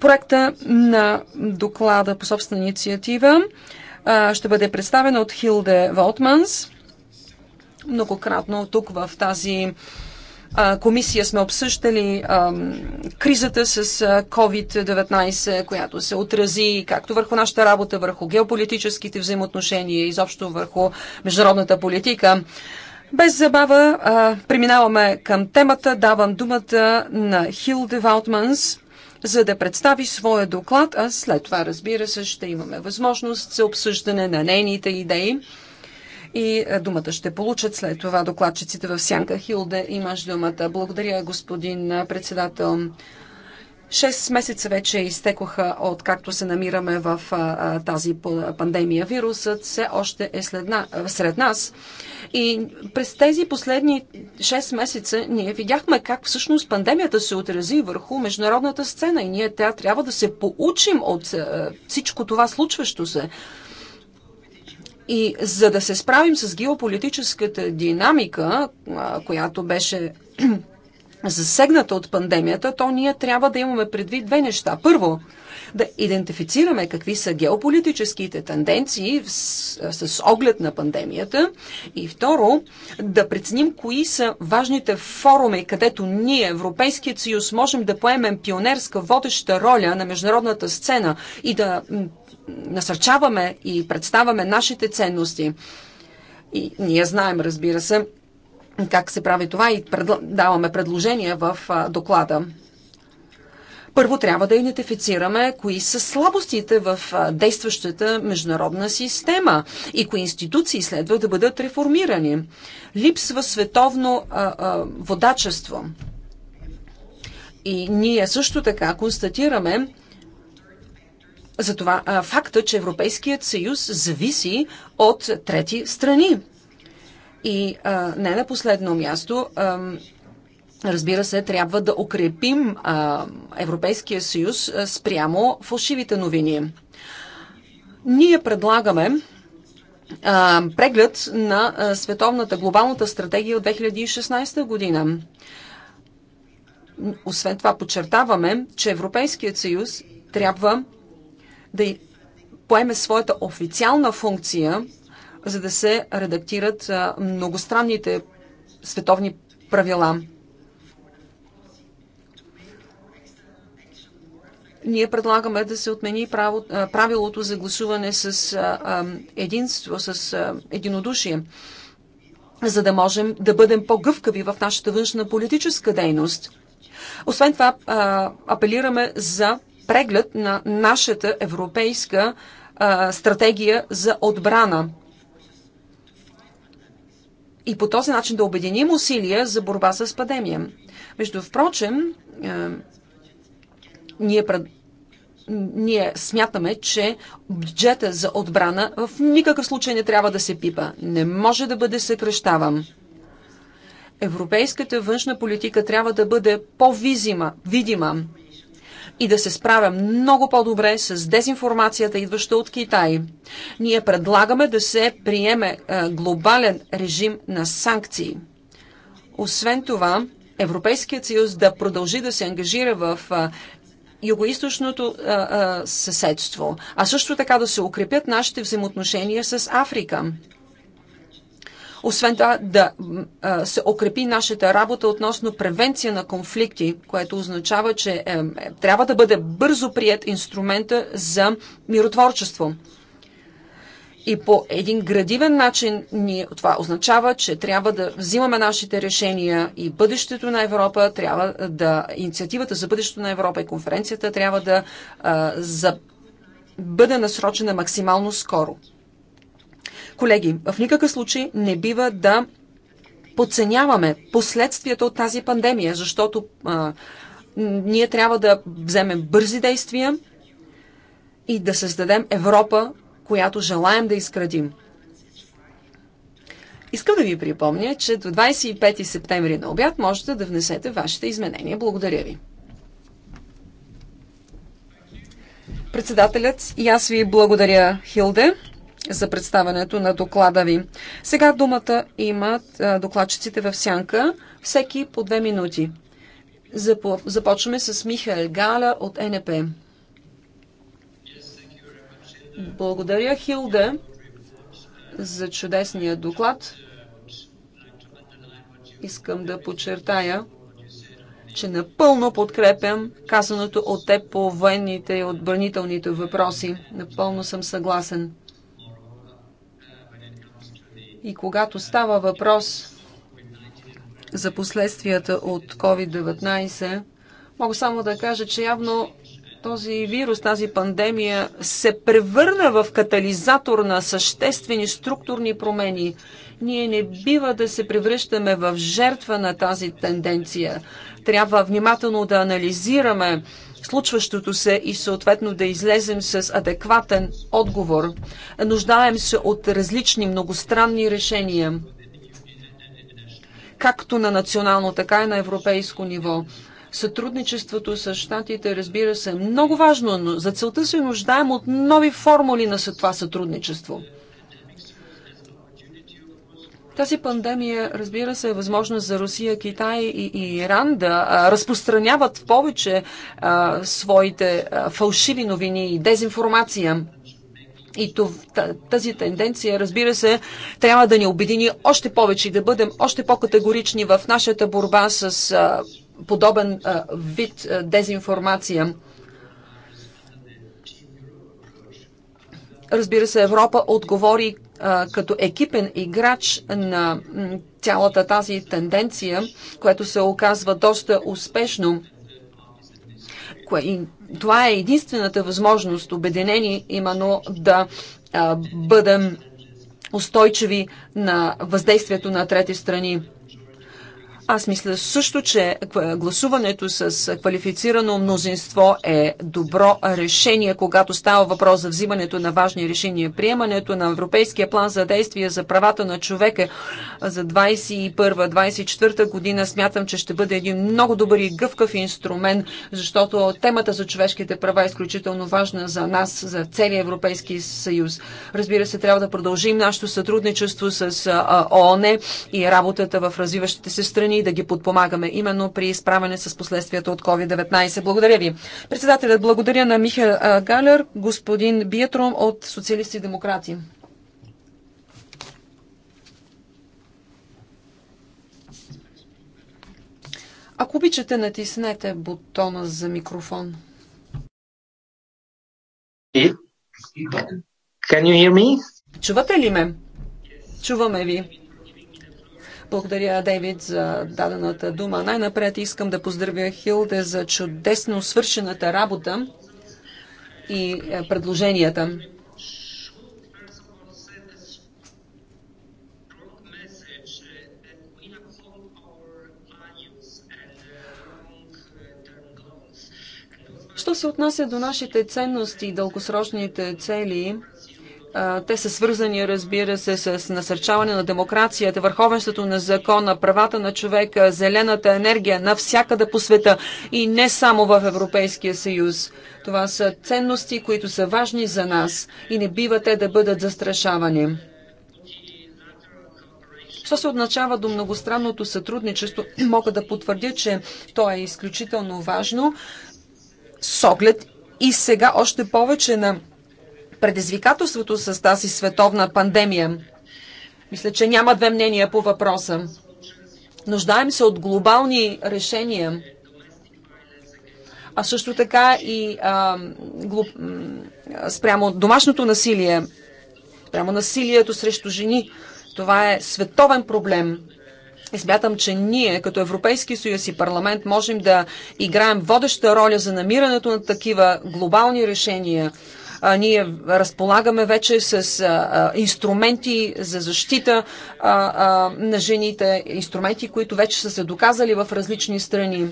проекта на доклада по собствена инициатива а, ще бъде представена от Хилде Волтманс. Многократно тук в тази комисия сме обсъждали кризата с COVID-19, която се отрази както върху нашата работа, върху геополитическите взаимоотношения, изобщо върху международната политика. Без забава преминаваме към темата. Давам думата на Хилде Ваутманс, за да представи своя доклад, а след това, разбира се, ще имаме възможност за обсъждане на нейните идеи и е, думата ще получат след това докладчиците в Сянка. Хилде, имаш думата. Благодаря, господин е, председател. Шест месеца вече изтекоха от както се намираме в е, тази пандемия. Вирусът все още е следна сред нас. И през тези последни 6 месеца ние видяхме как всъщност пандемията се отрази върху международната сцена и ние тя трябва да се поучим от всичко това случващо се. И за да се справим с геополитическата динамика, която беше засегната от пандемията, то ние трябва да имаме предвид две неща. Първо, да идентифицираме какви са геополитическите тенденции с, с оглед на пандемията и второ, да преценим кои са важните форуми, където ние, Европейският съюз, можем да поемем пионерска водеща роля на международната сцена и да насърчаваме и представяме нашите ценности. И ние знаем, разбира се, как се прави това и даваме предложения в доклада. Първо трябва да идентифицираме кои са слабостите в действащата международна система и кои институции следва да бъдат реформирани. Липсва световно а, а, водачество. И ние също така констатираме това а, факта, че Европейският съюз зависи от трети страни. И а, не на последно място, а, Разбира се, трябва да укрепим а, Европейския съюз а, спрямо фалшивите новини. Ние предлагаме а, преглед на а, световната глобалната стратегия от 2016 година. Освен това, подчертаваме, че Европейският съюз трябва да поеме своята официална функция, за да се редактират а, многостранните световни правила. Ние предлагаме да се отмени право, правилото за гласуване с единство, с единодушие, за да можем да бъдем по-гъвкави в нашата външна политическа дейност. Освен това, апелираме за преглед на нашата европейска стратегия за отбрана и по този начин да обединим усилия за борба с падемия. Между впрочем, ние пред ние смятаме, че бюджета за отбрана в никакъв случай не трябва да се пипа. Не може да бъде съкръщаван. Европейската външна политика трябва да бъде по визима видима, и да се справя много по-добре с дезинформацията, идваща от Китай. Ние предлагаме да се приеме е, глобален режим на санкции. Освен това, Европейският съюз да продължи да се ангажира в е, югоизточното съседство, а също така да се укрепят нашите взаимоотношения с Африка. Освен това да се укрепи нашата работа относно превенция на конфликти, което означава, че е, трябва да бъде бързо прият инструмента за миротворчество. И по един градивен начин ние, това означава, че трябва да взимаме нашите решения и бъдещето на Европа трябва да, инициативата за бъдещето на Европа и конференцията трябва да а, за, бъде насрочена максимално скоро. Колеги, в никакъв случай не бива да подценяваме последствията от тази пандемия, защото а, ние трябва да вземем бързи действия и да създадем Европа, която желаем да изградим. Искам да ви припомня, че до 25 септември на обяд можете да внесете вашите изменения. Благодаря ви. Председателят и аз ви благодаря, Хилде, за представането на доклада ви. Сега думата имат докладчиците в сянка, всеки по две минути. Започваме с Михаел Галя от НП. Благодаря, Хилде, за чудесния доклад. Искам да подчертая, че напълно подкрепям казаното от теб по военните и отбранителните въпроси. Напълно съм съгласен. И когато става въпрос за последствията от COVID-19, мога само да кажа, че явно този вирус, тази пандемия се превърна в катализатор на съществени структурни промени. Ние не бива да се превръщаме в жертва на тази тенденция. Трябва внимателно да анализираме случващото се и съответно да излезем с адекватен отговор. Нуждаем се от различни многостранни решения, както на национално, така и на европейско ниво. Сътрудничеството с щатите, разбира се, е много важно, но за целта се нуждаем от нови формули на това сътрудничество. Тази пандемия, разбира се, е възможност за Русия, Китай и, и Иран да а, разпространяват повече а, своите а, фалшиви новини и дезинформация. И тази тенденция, разбира се, трябва да ни обедини още повече и да бъдем още по-категорични в нашата борба с подобен а, вид а, дезинформация. Разбира се, Европа отговори а, като екипен играч на цялата тази тенденция, което се оказва доста успешно. И това е единствената възможност, обединени именно да бъдем устойчиви на въздействието на трети страни. Аз мисля също, че гласуването с квалифицирано мнозинство е добро решение, когато става въпрос за взимането на важни решения. Приемането на Европейския план за действие за правата на човека за 2021-2024 година смятам, че ще бъде един много добър и гъвкав инструмент, защото темата за човешките права е изключително важна за нас, за целия Европейски съюз. Разбира се, трябва да продължим нашето сътрудничество с ООН и работата в развиващите се страни и да ги подпомагаме именно при изправяне с последствията от COVID-19. Благодаря ви. Председателят, благодаря на Михаил Галер, господин Биетром от Социалисти и демократи. Ако обичате, натиснете бутона за микрофон. Can you hear me? Чувате ли ме? Чуваме ви. Благодаря, Дейвид, за дадената дума. Най-напред искам да поздравя Хилде за чудесно свършената работа и е, предложенията. Що се отнася до нашите ценности и дългосрочните цели, те са свързани, разбира се, с насърчаване на демокрацията, върховенството на закона, правата на човека, зелената енергия навсякъде по света и не само в Европейския съюз. Това са ценности, които са важни за нас и не бива те да бъдат застрашавани. Що се означава до многостранното сътрудничество, мога да потвърдя, че то е изключително важно с оглед и сега още повече на предизвикателството с тази световна пандемия. Мисля, че няма две мнения по въпроса. Нуждаем се от глобални решения, а също така и а, глуп, спрямо домашното насилие, спрямо насилието срещу жени. Това е световен проблем. И смятам, че ние, като Европейски съюз и парламент, можем да играем водеща роля за намирането на такива глобални решения а, ние разполагаме вече с а, инструменти за защита а, а, на жените, инструменти, които вече са се доказали в различни страни.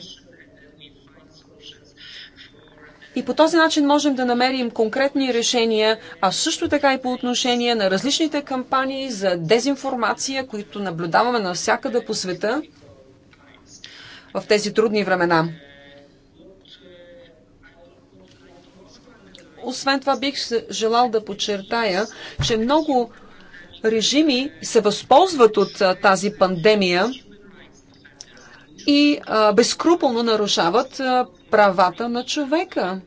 И по този начин можем да намерим конкретни решения, а също така и по отношение на различните кампании за дезинформация, които наблюдаваме навсякъде по света в тези трудни времена. Освен това бих желал да подчертая, че много режими се възползват от тази пандемия и безкруполно нарушават правата на човека.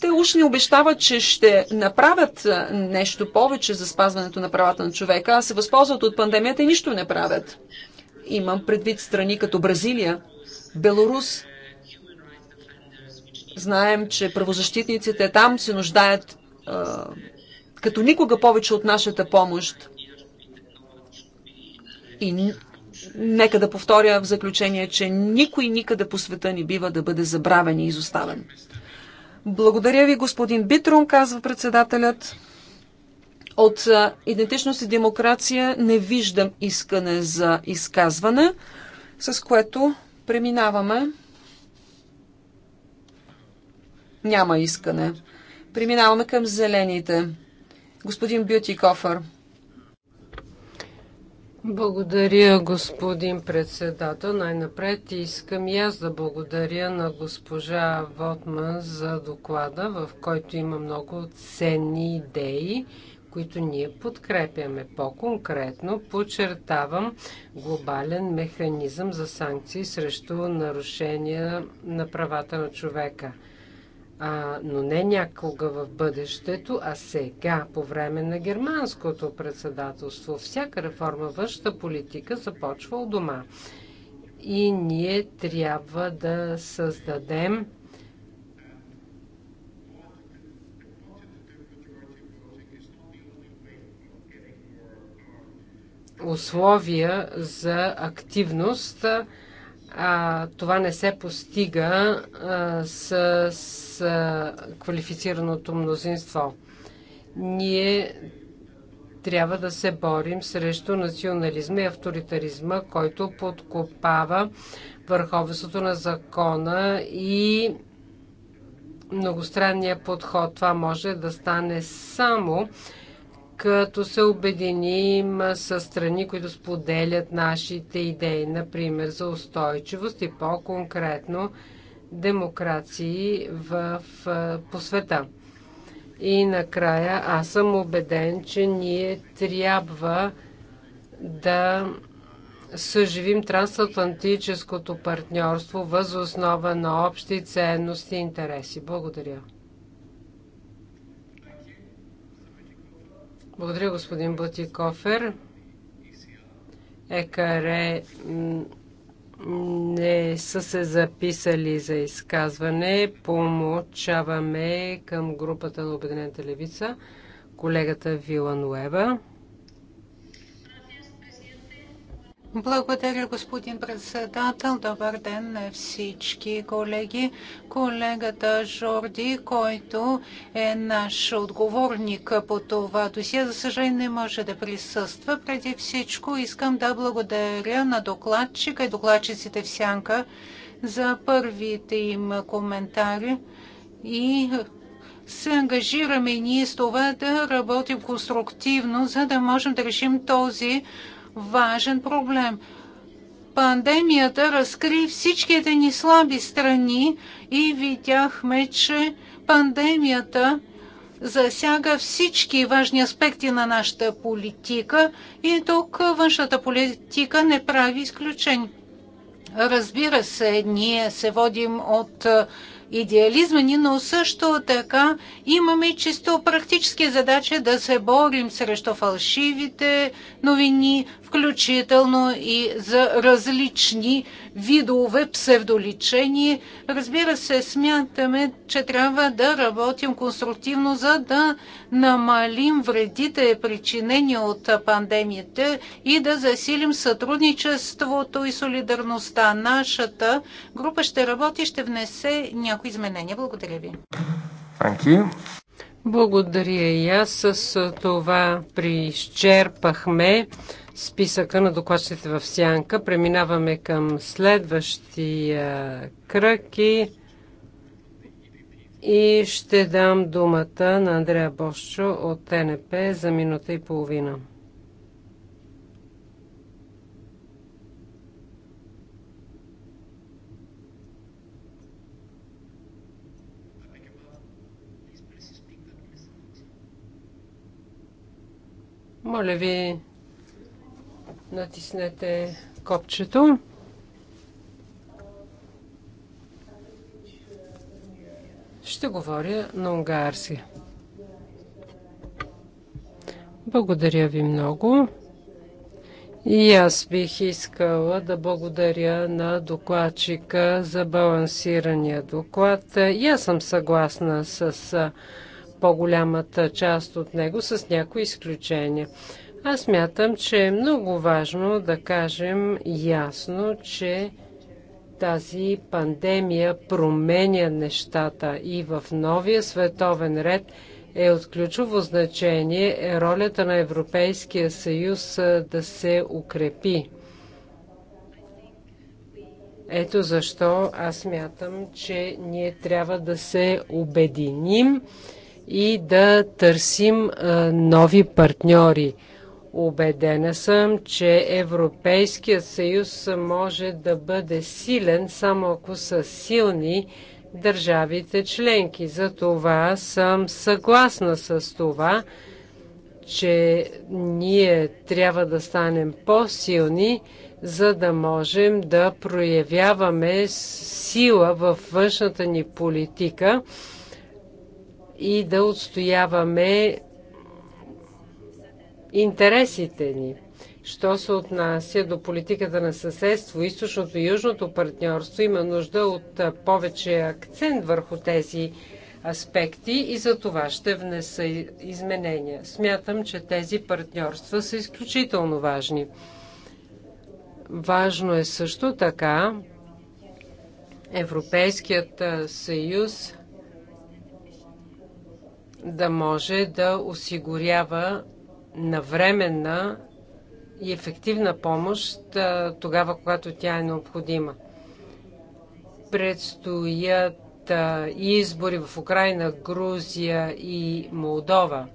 Те уж ни обещават, че ще направят нещо повече за спазването на правата на човека, а се възползват от пандемията и нищо не правят. Имам предвид страни като Бразилия, Белорус, Знаем, че правозащитниците там се нуждаят а, като никога повече от нашата помощ. И нека да повторя в заключение, че никой никъде по света не бива да бъде забравен и изоставен. Благодаря ви, господин Битрун, казва председателят. От идентичност и демокрация не виждам искане за изказване, с което преминаваме няма искане. Преминаваме към зелените. Господин Бютикофър. Благодаря, господин председател. Най-напред искам и аз да благодаря на госпожа Вотман за доклада, в който има много ценни идеи, които ние подкрепяме. По-конкретно подчертавам глобален механизъм за санкции срещу нарушения на правата на човека – а, но не някога в бъдещето, а сега, по време на германското председателство. Всяка реформа външната политика започва от дома. И ние трябва да създадем условия за активност. А, това не се постига а, с квалифицираното мнозинство. Ние трябва да се борим срещу национализма и авторитаризма, който подкопава върховенството на закона и многостранния подход. Това може да стане само като се обединим с страни, които споделят нашите идеи, например за устойчивост и по-конкретно демокрации в, по света. И накрая аз съм убеден, че ние трябва да съживим трансатлантическото партньорство въз основа на общи ценности и интереси. Благодаря. Благодаря, господин Батикофер. Екаре не са се записали за изказване. Помочаваме към групата на Обединената левица колегата Вилан Уеба. Благодаря, господин председател. Добър ден на всички колеги. Колегата Жорди, който е наш отговорник по това досие, за съжаление не може да присъства. Преди всичко искам да благодаря на докладчика и докладчиците в Сянка за първите им коментари и се ангажираме ние с това да работим конструктивно, за да можем да решим този важен проблем. Пандемията разкри всичките ни слаби страни и видяхме, че пандемията засяга всички важни аспекти на нашата политика и тук външната политика не прави изключение. Разбира се, ние се водим от идеализма ни, но също така имаме чисто практически задачи да се борим срещу фалшивите новини, включително и за различни видове псевдолечение. Разбира се, смятаме, че трябва да работим конструктивно, за да намалим вредите, причинени от пандемията и да засилим сътрудничеството и солидарността. Нашата група ще работи, ще внесе някои изменения. Благодаря ви. Благодаря и аз. С това приизчерпахме списъка на докладчите в сянка. Преминаваме към следващия кръг и, и ще дам думата на Андрея Бошчо от ТНП за минута и половина. Моля ви, натиснете копчето. Ще говоря на унгарски. Благодаря ви много. И аз бих искала да благодаря на докладчика за балансирания доклад. И аз съм съгласна с по-голямата част от него, с някои изключения. Аз мятам, че е много важно да кажем ясно, че тази пандемия променя нещата и в новия световен ред е от ключово значение е ролята на Европейския съюз да се укрепи. Ето защо аз мятам, че ние трябва да се обединим и да търсим нови партньори. Обедена съм, че Европейският съюз може да бъде силен само ако са силни държавите членки. За това съм съгласна с това, че ние трябва да станем по-силни, за да можем да проявяваме сила във външната ни политика и да отстояваме интересите ни. Що се отнася до политиката на съседство, източното и южното партньорство има нужда от повече акцент върху тези аспекти и за това ще внеса изменения. Смятам, че тези партньорства са изключително важни. Важно е също така Европейският съюз да може да осигурява навременна и ефективна помощ тогава, когато тя е необходима. Предстоят избори в Украина, Грузия и Молдова.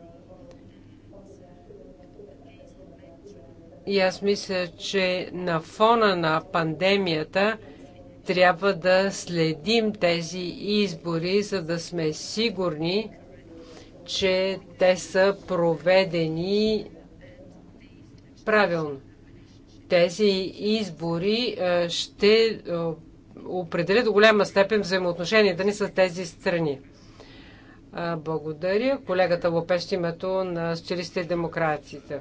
И аз мисля, че на фона на пандемията трябва да следим тези избори, за да сме сигурни, че те са проведени правилно. Тези избори е, ще е, определят до голяма степен взаимоотношенията ни с тези страни. Е, благодаря. Колегата Лопеш, името на Стилистите и демокрациите.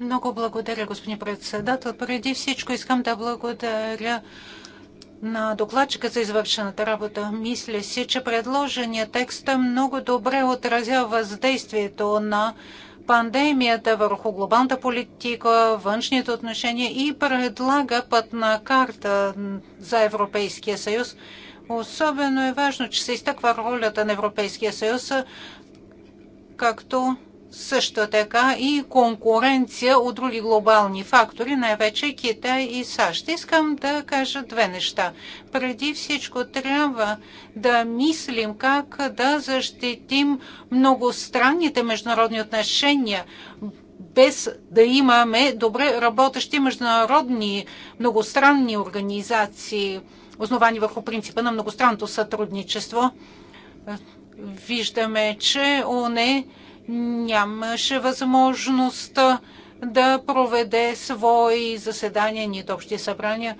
Много благодаря, господин председател. Преди всичко искам да благодаря на докладчика за извършената работа. Мисля си, че предложения текст много добре отразява въздействието на пандемията върху глобалната политика, външните отношения и предлага пътна карта за Европейския съюз. Особено е важно, че се изтъква ролята на Европейския съюз, както също така и конкуренция от други глобални фактори, най-вече Китай и САЩ. Искам да кажа две неща. Преди всичко трябва да мислим как да защитим многостранните международни отношения, без да имаме добре работещи международни многостранни организации, основани върху принципа на многостранното сътрудничество. Виждаме, че ОНЕ нямаше възможност да проведе свои заседания, нито общи събрания.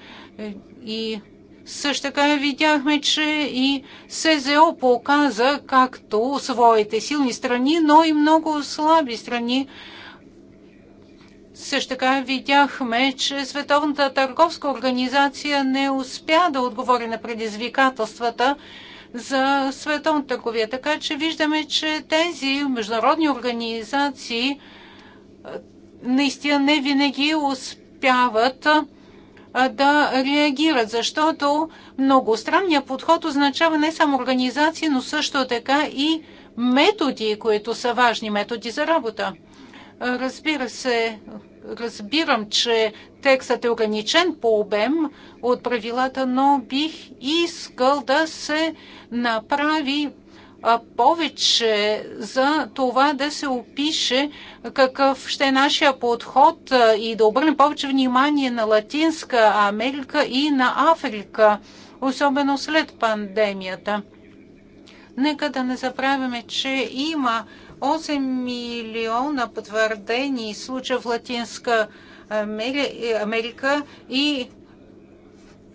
И също така видяхме, че и СЗО показа както своите силни страни, но и много слаби страни. Също така видяхме, че Световната търговска организация не успя да отговори на предизвикателствата, за световна търговия. Така че виждаме, че тези международни организации наистина не винаги успяват да реагират, защото многостранният подход означава не само организации, но също така и методи, които са важни методи за работа. Разбира се, разбирам, че текстът е ограничен по обем от правилата, но бих искал да се направи повече за това да се опише какъв ще е нашия подход и да обърнем повече внимание на Латинска Америка и на Африка, особено след пандемията. Нека да не забравяме, че има 8 милиона потвърдени случая в Латинска Америка и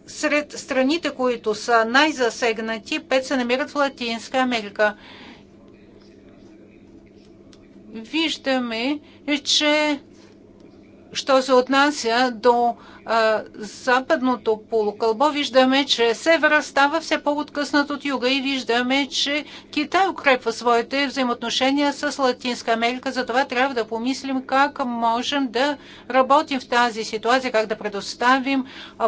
сред страните, които са най-засегнати, 5 се намират в Латинска Америка. Виждаме, че що се отнася до западното полукълбо виждаме, че севера става все по-откъснат от юга и виждаме, че Китай укрепва своите взаимоотношения с Латинска Америка. Затова трябва да помислим как можем да работим в тази ситуация, как да предоставим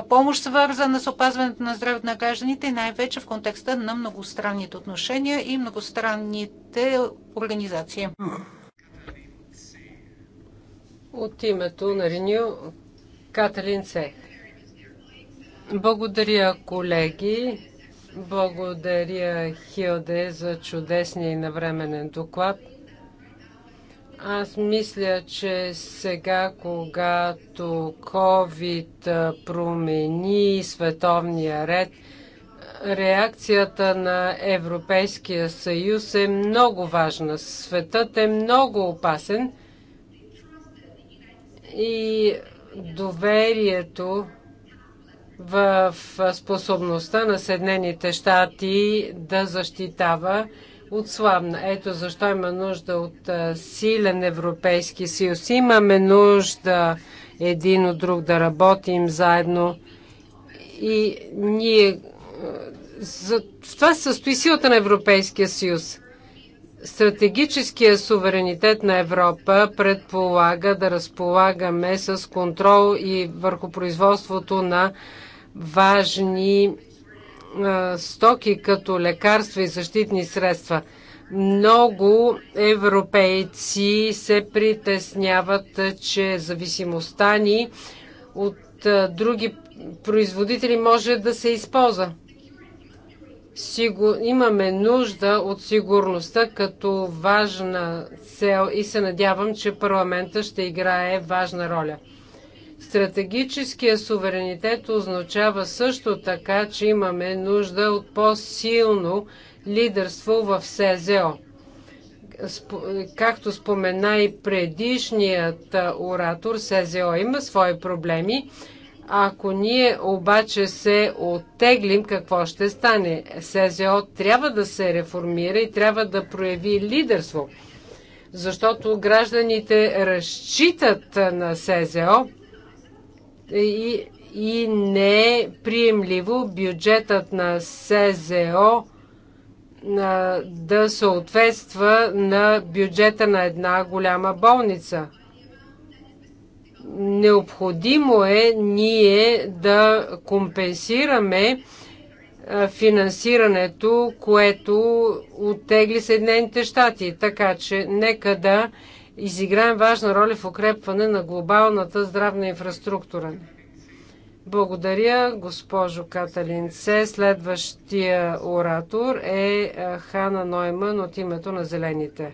помощ свързана с опазването на здравето на гражданите, най-вече в контекста на многостранните отношения и многостранните организации. От името на Реню Катерин Се. Благодаря, колеги. Благодаря, Хилде, за чудесния и навременен доклад. Аз мисля, че сега, когато COVID промени световния ред, реакцията на Европейския съюз е много важна. Светът е много опасен и доверието в способността на Съединените щати да защитава от слабна. Ето защо има нужда от силен Европейски съюз. Имаме нужда един от друг да работим заедно. И ние... За... В това се състои силата на Европейския съюз. Стратегическия суверенитет на Европа предполага да разполагаме с контрол и върху производството на важни стоки като лекарства и защитни средства. Много европейци се притесняват, че зависимостта ни от други производители може да се използва сигур... имаме нужда от сигурността като важна цел и се надявам, че парламента ще играе важна роля. Стратегическия суверенитет означава също така, че имаме нужда от по-силно лидерство в СЗО. Както спомена и предишният оратор, СЗО има свои проблеми ако ние обаче се оттеглим, какво ще стане? СЗО трябва да се реформира и трябва да прояви лидерство, защото гражданите разчитат на СЗО и, и не е приемливо бюджетът на СЗО да съответства на бюджета на една голяма болница – Необходимо е ние да компенсираме финансирането, което оттегли Съединените щати. Така че нека да изиграем важна роля в укрепване на глобалната здравна инфраструктура. Благодаря, госпожо Каталинце. Следващия оратор е Хана Нойман от името на Зелените.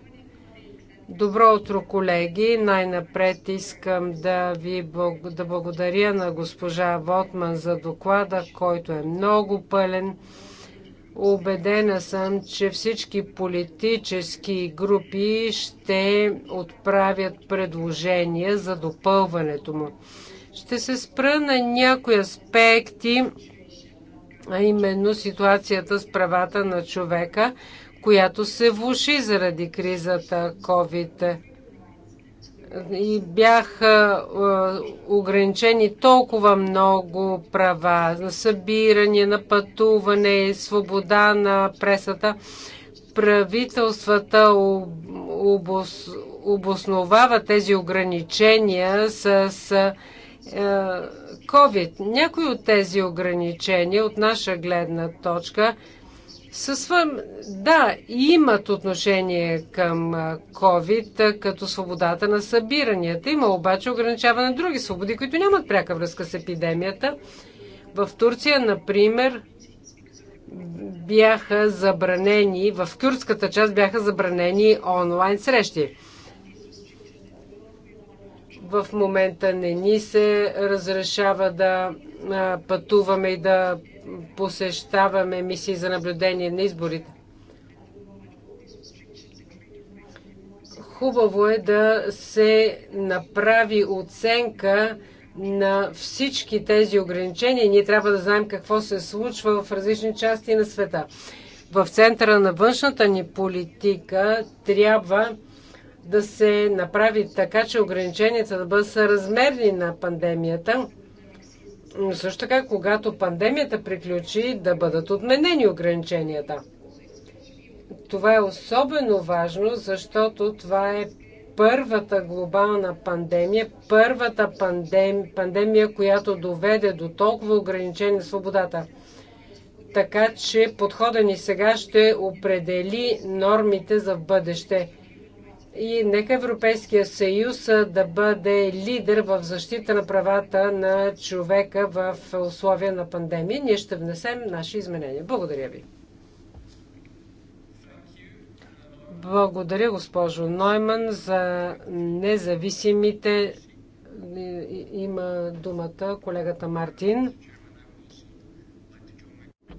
Добро утро, колеги! Най-напред искам да ви да благодаря на госпожа Вотман за доклада, който е много пълен. Обедена съм, че всички политически групи ще отправят предложения за допълването му. Ще се спра на някои аспекти, а именно ситуацията с правата на човека – която се влуши заради кризата COVID. И бяха ограничени толкова много права на събиране, на пътуване, свобода на пресата. Правителствата обос, обосновава тези ограничения с COVID. Някои от тези ограничения от наша гледна точка Съсвъм, да, имат отношение към COVID, като свободата на събиранията. Има обаче ограничаване на други свободи, които нямат пряка връзка с епидемията. В Турция, например, бяха забранени, в кюрдската част бяха забранени онлайн срещи. В момента не ни се разрешава да пътуваме и да посещаваме мисии за наблюдение на изборите. Хубаво е да се направи оценка на всички тези ограничения. Ние трябва да знаем какво се случва в различни части на света. В центъра на външната ни политика трябва да се направи така, че ограниченията да бъдат съразмерни на пандемията но също така, когато пандемията приключи, да бъдат отменени ограниченията. Това е особено важно, защото това е първата глобална пандемия, първата пандем, пандемия, която доведе до толкова ограничение на свободата. Така че подхода ни сега ще определи нормите за бъдеще. И нека Европейския съюз да бъде лидер в защита на правата на човека в условия на пандемия. Ние ще внесем наши изменения. Благодаря ви. Благодаря, госпожо Нойман, за независимите. Има думата колегата Мартин.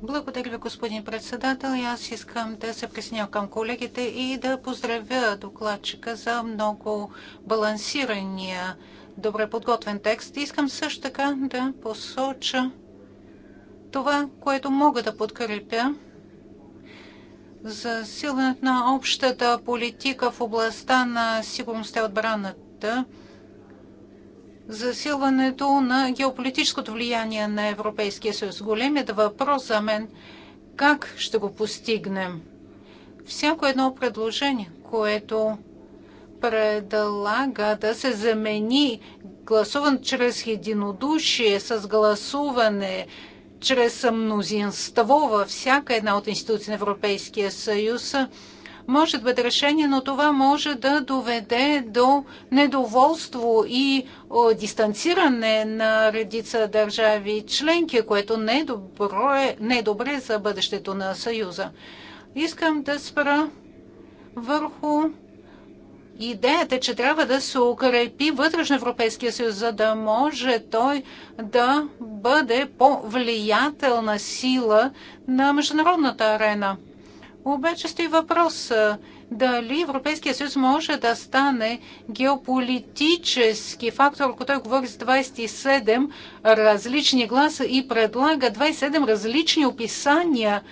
Благодаря, ви, господин председател. И аз искам да се присъединя към колегите и да поздравя докладчика за много балансирания, добре подготвен текст. Искам също така да посоча това, което мога да подкрепя За засилването на общата политика в областта на сигурността и отбраната – засилването на геополитическото влияние на Европейския съюз. Големият въпрос за мен как ще го постигнем? Всяко едно предложение, което предлага да се замени гласуван чрез единодушие с гласуване чрез мнозинство във всяка една от институции на Европейския съюз, може да бъде решение, но това може да доведе до недоволство и дистанциране на редица държави членки, което не е, добро, е, не е добре за бъдещето на Съюза. Искам да спра върху идеята, че трябва да се укрепи вътрешно Европейския съюз, за да може той да бъде по-влиятелна сила на международната арена – обаче стои въпрос дали Европейския съюз може да стане геополитически фактор, ако той говори с 27 различни гласа и предлага 27 различни описания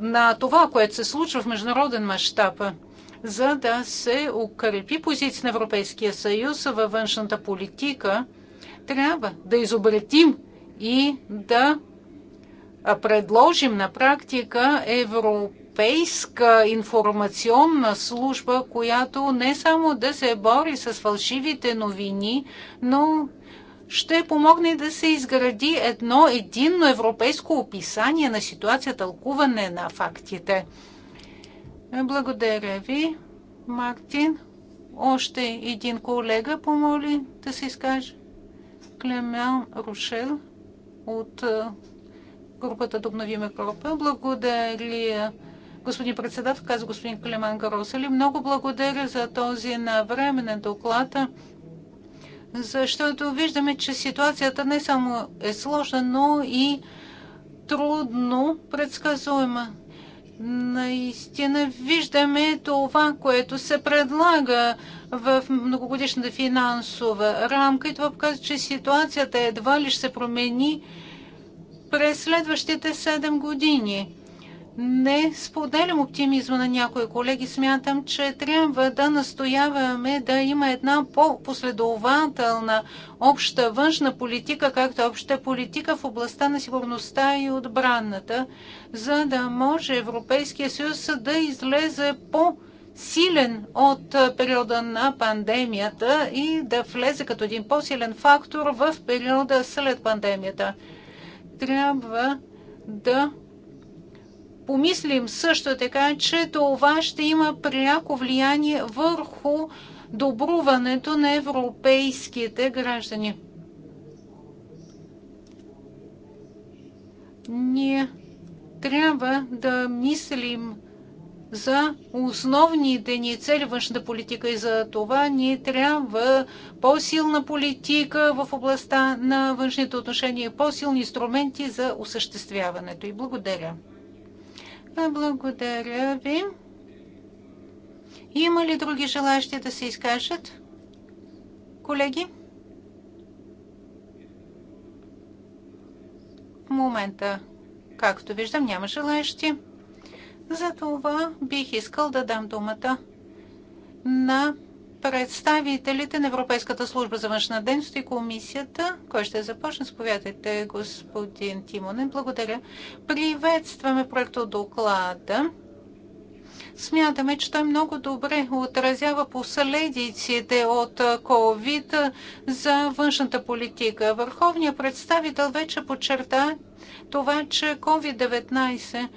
на това, което се случва в международен мащаб, за да се укрепи позиция на Европейския съюз във външната политика, трябва да изобретим и да предложим на практика европейска информационна служба, която не само да се бори с фалшивите новини, но ще помогне да се изгради едно единно европейско описание на ситуация, тълкуване на фактите. Благодаря ви, Мартин. Още един колега помоли да се изкаже. Клемян Рушел от групата да Европа. Благодаря, господин председател, каза господин Калиман Гаросали. Много благодаря за този навременен доклад, защото виждаме, че ситуацията не само е сложна, но и трудно предсказуема. Наистина виждаме това, което се предлага в многогодишната финансова рамка и това показва, че ситуацията едва ли ще се промени през следващите 7 години. Не споделям оптимизма на някои колеги. Смятам, че трябва да настояваме да има една по-последователна обща външна политика, както обща политика в областта на сигурността и отбраната, за да може Европейския съюз да излезе по- силен от периода на пандемията и да влезе като един по-силен фактор в периода след пандемията трябва да помислим също така, че това ще има пряко влияние върху добруването на европейските граждани. Ние трябва да мислим за основните ни цели външната политика и за това ни трябва по-силна политика в областта на външните отношения и по-силни инструменти за осъществяването. И благодаря. Благодаря ви. Има ли други желащи да се изкажат? Колеги? В момента, както виждам, няма желащи. Затова бих искал да дам думата на представителите на Европейската служба за външна дейност и комисията. Кой ще започне? Сповядайте, господин Тимонен. Благодаря. Приветстваме проекта доклада. Смятаме, че той много добре отразява последиците от COVID за външната политика. Върховният представител вече подчерта това, че COVID-19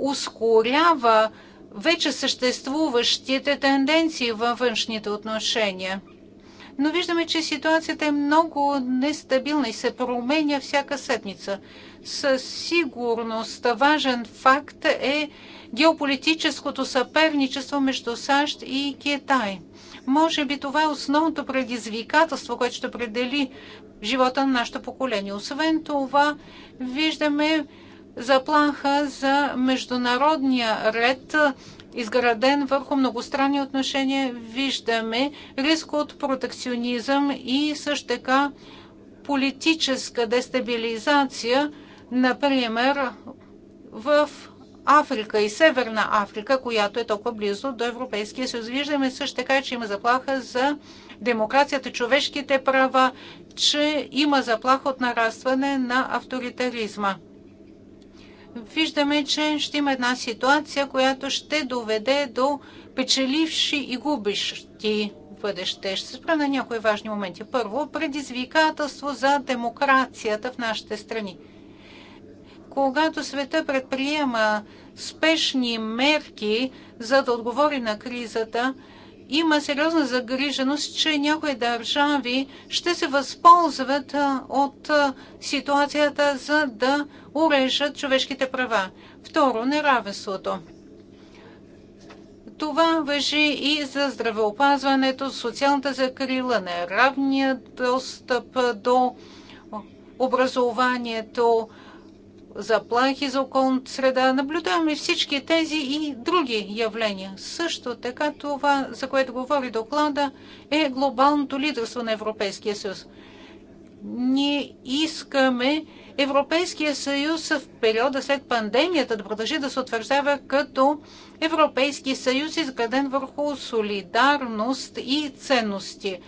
ускорява вече съществуващите тенденции във външните отношения. Но виждаме, че ситуацията е много нестабилна и се променя всяка седмица. Със сигурност важен факт е геополитическото съперничество между САЩ и Китай. Може би това е основното предизвикателство, което ще определи живота на нашето поколение. Освен това, виждаме заплаха за международния ред, изграден върху многостранни отношения. Виждаме риск от протекционизъм и също така политическа дестабилизация, например в Африка и Северна Африка, която е толкова близо до Европейския съюз. Виждаме също така, че има заплаха за демокрацията, човешките права, че има заплаха от нарастване на авторитаризма виждаме, че ще има една ситуация, която ще доведе до печеливши и губещи бъдеще. Ще се спра на някои важни моменти. Първо, предизвикателство за демокрацията в нашите страни. Когато света предприема спешни мерки за да отговори на кризата, има сериозна загриженост, че някои държави ще се възползват от ситуацията, за да урежат човешките права. Второ, неравенството. Това въжи и за здравеопазването, социалната закрила, неравният достъп до образованието, заплахи за околната среда. Наблюдаваме всички тези и други явления. Също така това, за което говори доклада, е глобалното лидерство на Европейския съюз. Ние искаме Европейския съюз в периода след пандемията да продължи да се утвърждава като Европейски съюз, изграден върху солидарност и ценности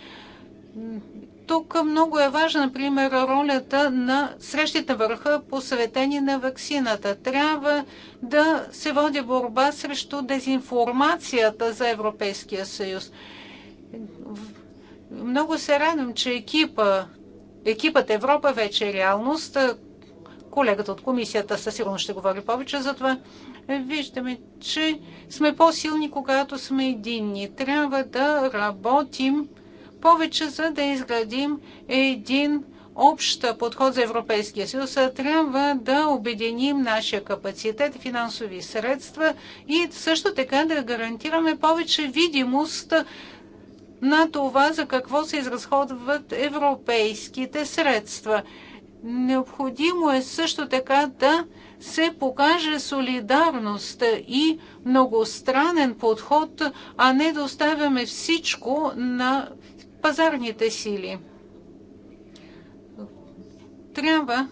тук много е важна, например, ролята на срещите върха, посветени на вакцината. Трябва да се води борба срещу дезинформацията за Европейския съюз. Много се радвам, че екипа, екипът Европа вече е реалност. Колегата от комисията със сигурност ще говори повече за това. Виждаме, че сме по-силни, когато сме единни. Трябва да работим повече, за да изградим един общ подход за Европейския съюз. Трябва да обединим нашия капацитет, финансови средства и също така да гарантираме повече видимост на това, за какво се изразходват европейските средства. Необходимо е също така да се покаже солидарност и многостранен подход, а не да оставяме всичко на пазарните сили. Трябва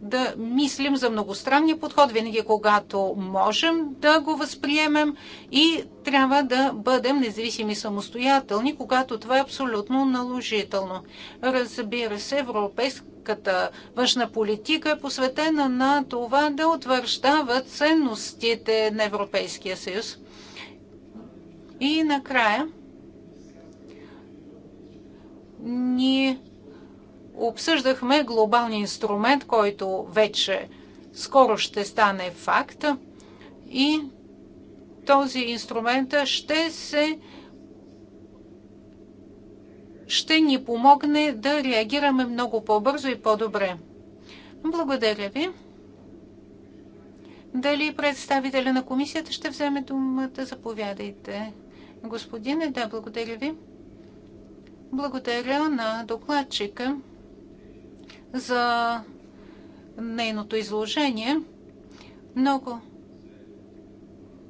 да мислим за многостранния подход, винаги когато можем да го възприемем и трябва да бъдем независими самостоятелни, когато това е абсолютно наложително. Разбира се, европейската външна политика е посветена на това да утвърждава ценностите на Европейския съюз. И накрая ние обсъждахме глобалния инструмент, който вече скоро ще стане факт и този инструмент ще се ще ни помогне да реагираме много по-бързо и по-добре. Благодаря ви. Дали представителя на комисията ще вземе думата? Заповядайте. Господине, да, благодаря ви. Благодаря на докладчика за нейното изложение. Много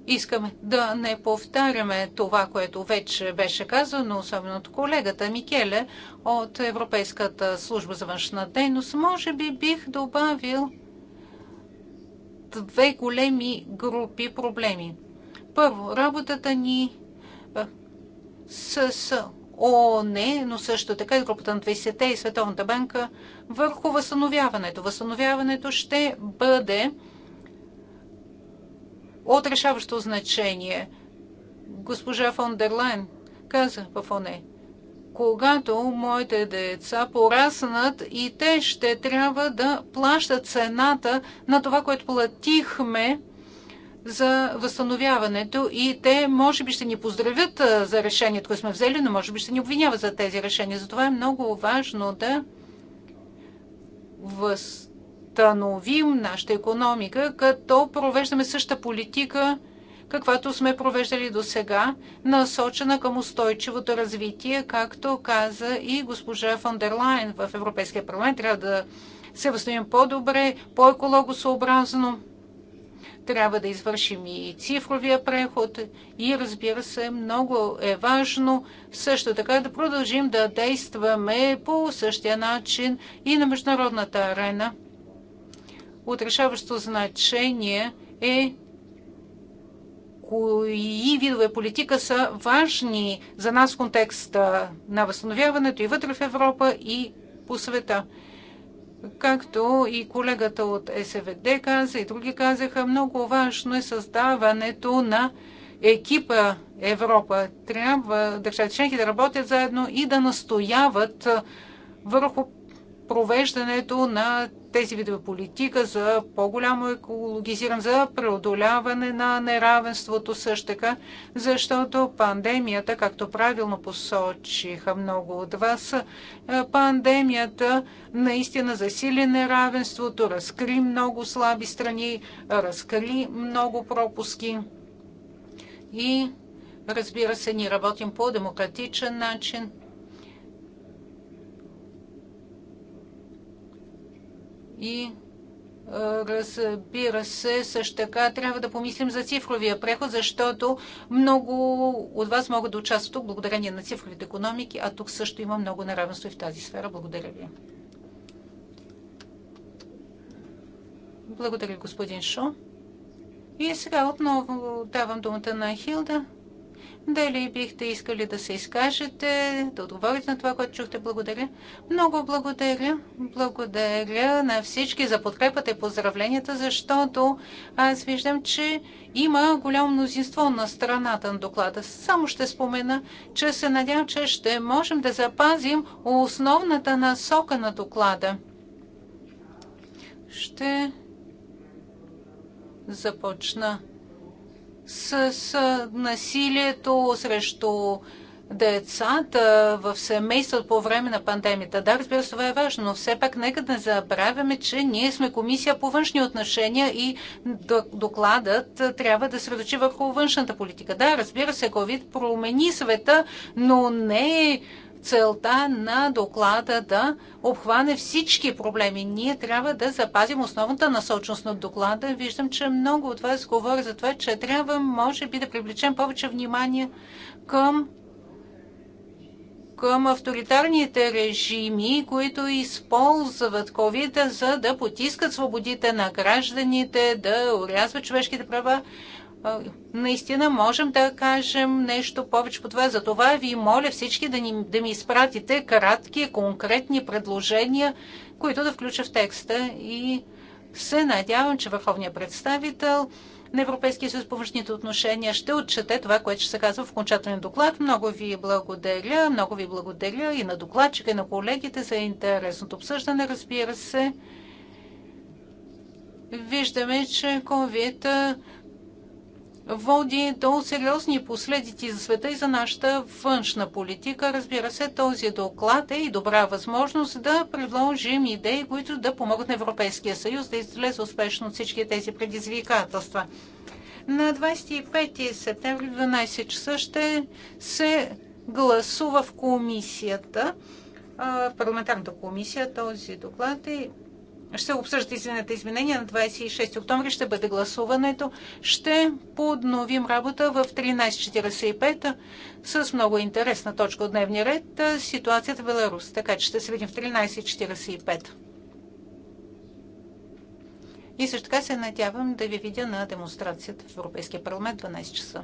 искаме да не повтаряме това, което вече беше казано, особено от колегата Микеле от Европейската служба за външна дейност. Може би бих добавил две големи групи проблеми. Първо, работата ни с ООН, но също така и групата на 20-те и Световната банка върху възстановяването. Възстановяването ще бъде от решаващо значение. Госпожа фон дер Лайн каза в ОНЕ, когато моите деца пораснат и те ще трябва да плащат цената на това, което платихме за възстановяването и те може би ще ни поздравят за решението, което сме взели, но може би ще ни обвиняват за тези решения. Затова е много важно да възстановим нашата економика, като провеждаме същата политика, каквато сме провеждали до сега, насочена към устойчивото развитие, както каза и госпожа фон в Европейския парламент. Трябва да се възстановим по-добре, по-екологосъобразно. Трябва да извършим и цифровия преход и разбира се, много е важно също така да продължим да действаме по същия начин и на международната арена. Отрешаващо значение е кои видове политика са важни за нас в контекста на възстановяването и вътре в Европа, и по света. Както и колегата от СВД каза, и други казаха, много важно е създаването на екипа Европа. Трябва държавите членки да работят заедно и да настояват върху провеждането на тези видове политика за по-голямо екологизиране, за преодоляване на неравенството също така, защото пандемията, както правилно посочиха много от вас, е, пандемията наистина засили неравенството, разкри много слаби страни, разкри много пропуски и Разбира се, ние работим по демократичен начин И е, разбира се, също така трябва да помислим за цифровия преход, защото много от вас могат да участват тук благодарение на цифровите економики, а тук също има много неравенство и в тази сфера. Благодаря ви. Благодаря, господин Шо. И сега отново давам думата на Хилда. Дали бихте искали да се изкажете, да отговорите на това, което чухте? Благодаря. Много благодаря. Благодаря на всички за подкрепата и поздравленията, защото аз виждам, че има голямо мнозинство на страната на доклада. Само ще спомена, че се надявам, че ще можем да запазим основната насока на доклада. Ще започна с, с насилието срещу децата в семейството по време на пандемията. Да, разбира се, това е важно, но все пак нека да не забравяме, че ние сме комисия по външни отношения и докладът трябва да се средочи върху външната политика. Да, разбира се, COVID промени света, но не е целта на доклада да обхване всички проблеми. Ние трябва да запазим основната насочност на доклада. Виждам, че много от вас говори за това, че трябва, може би, да привлечем повече внимание към към авторитарните режими, които използват COVID, за да потискат свободите на гражданите, да урязват човешките права наистина можем да кажем нещо повече по това. Затова ви моля всички да, ни, да ми изпратите кратки, конкретни предложения, които да включа в текста. И се надявам, че върховният представител на Европейския съюз по външните отношения ще отчете това, което ще се казва в окончателен доклад. Много ви благодаря, много ви благодаря и на докладчика, и на колегите за интересното обсъждане, разбира се. Виждаме, че COVID води до сериозни последици за света и за нашата външна политика. Разбира се, този доклад е и добра възможност да предложим идеи, които да помогнат на Европейския съюз да излезе успешно от всички тези предизвикателства. На 25 септември 12 часа ще се гласува в комисията, в парламентарната комисия този доклад е ще обсъждат изменените изменения на 26 октомври, ще бъде гласуването. Ще подновим работа в 13.45 с много интересна точка от дневния ред ситуацията в Беларус. Така че ще се видим в 13.45. И също така се надявам да ви видя на демонстрацията в Европейския парламент 12 часа.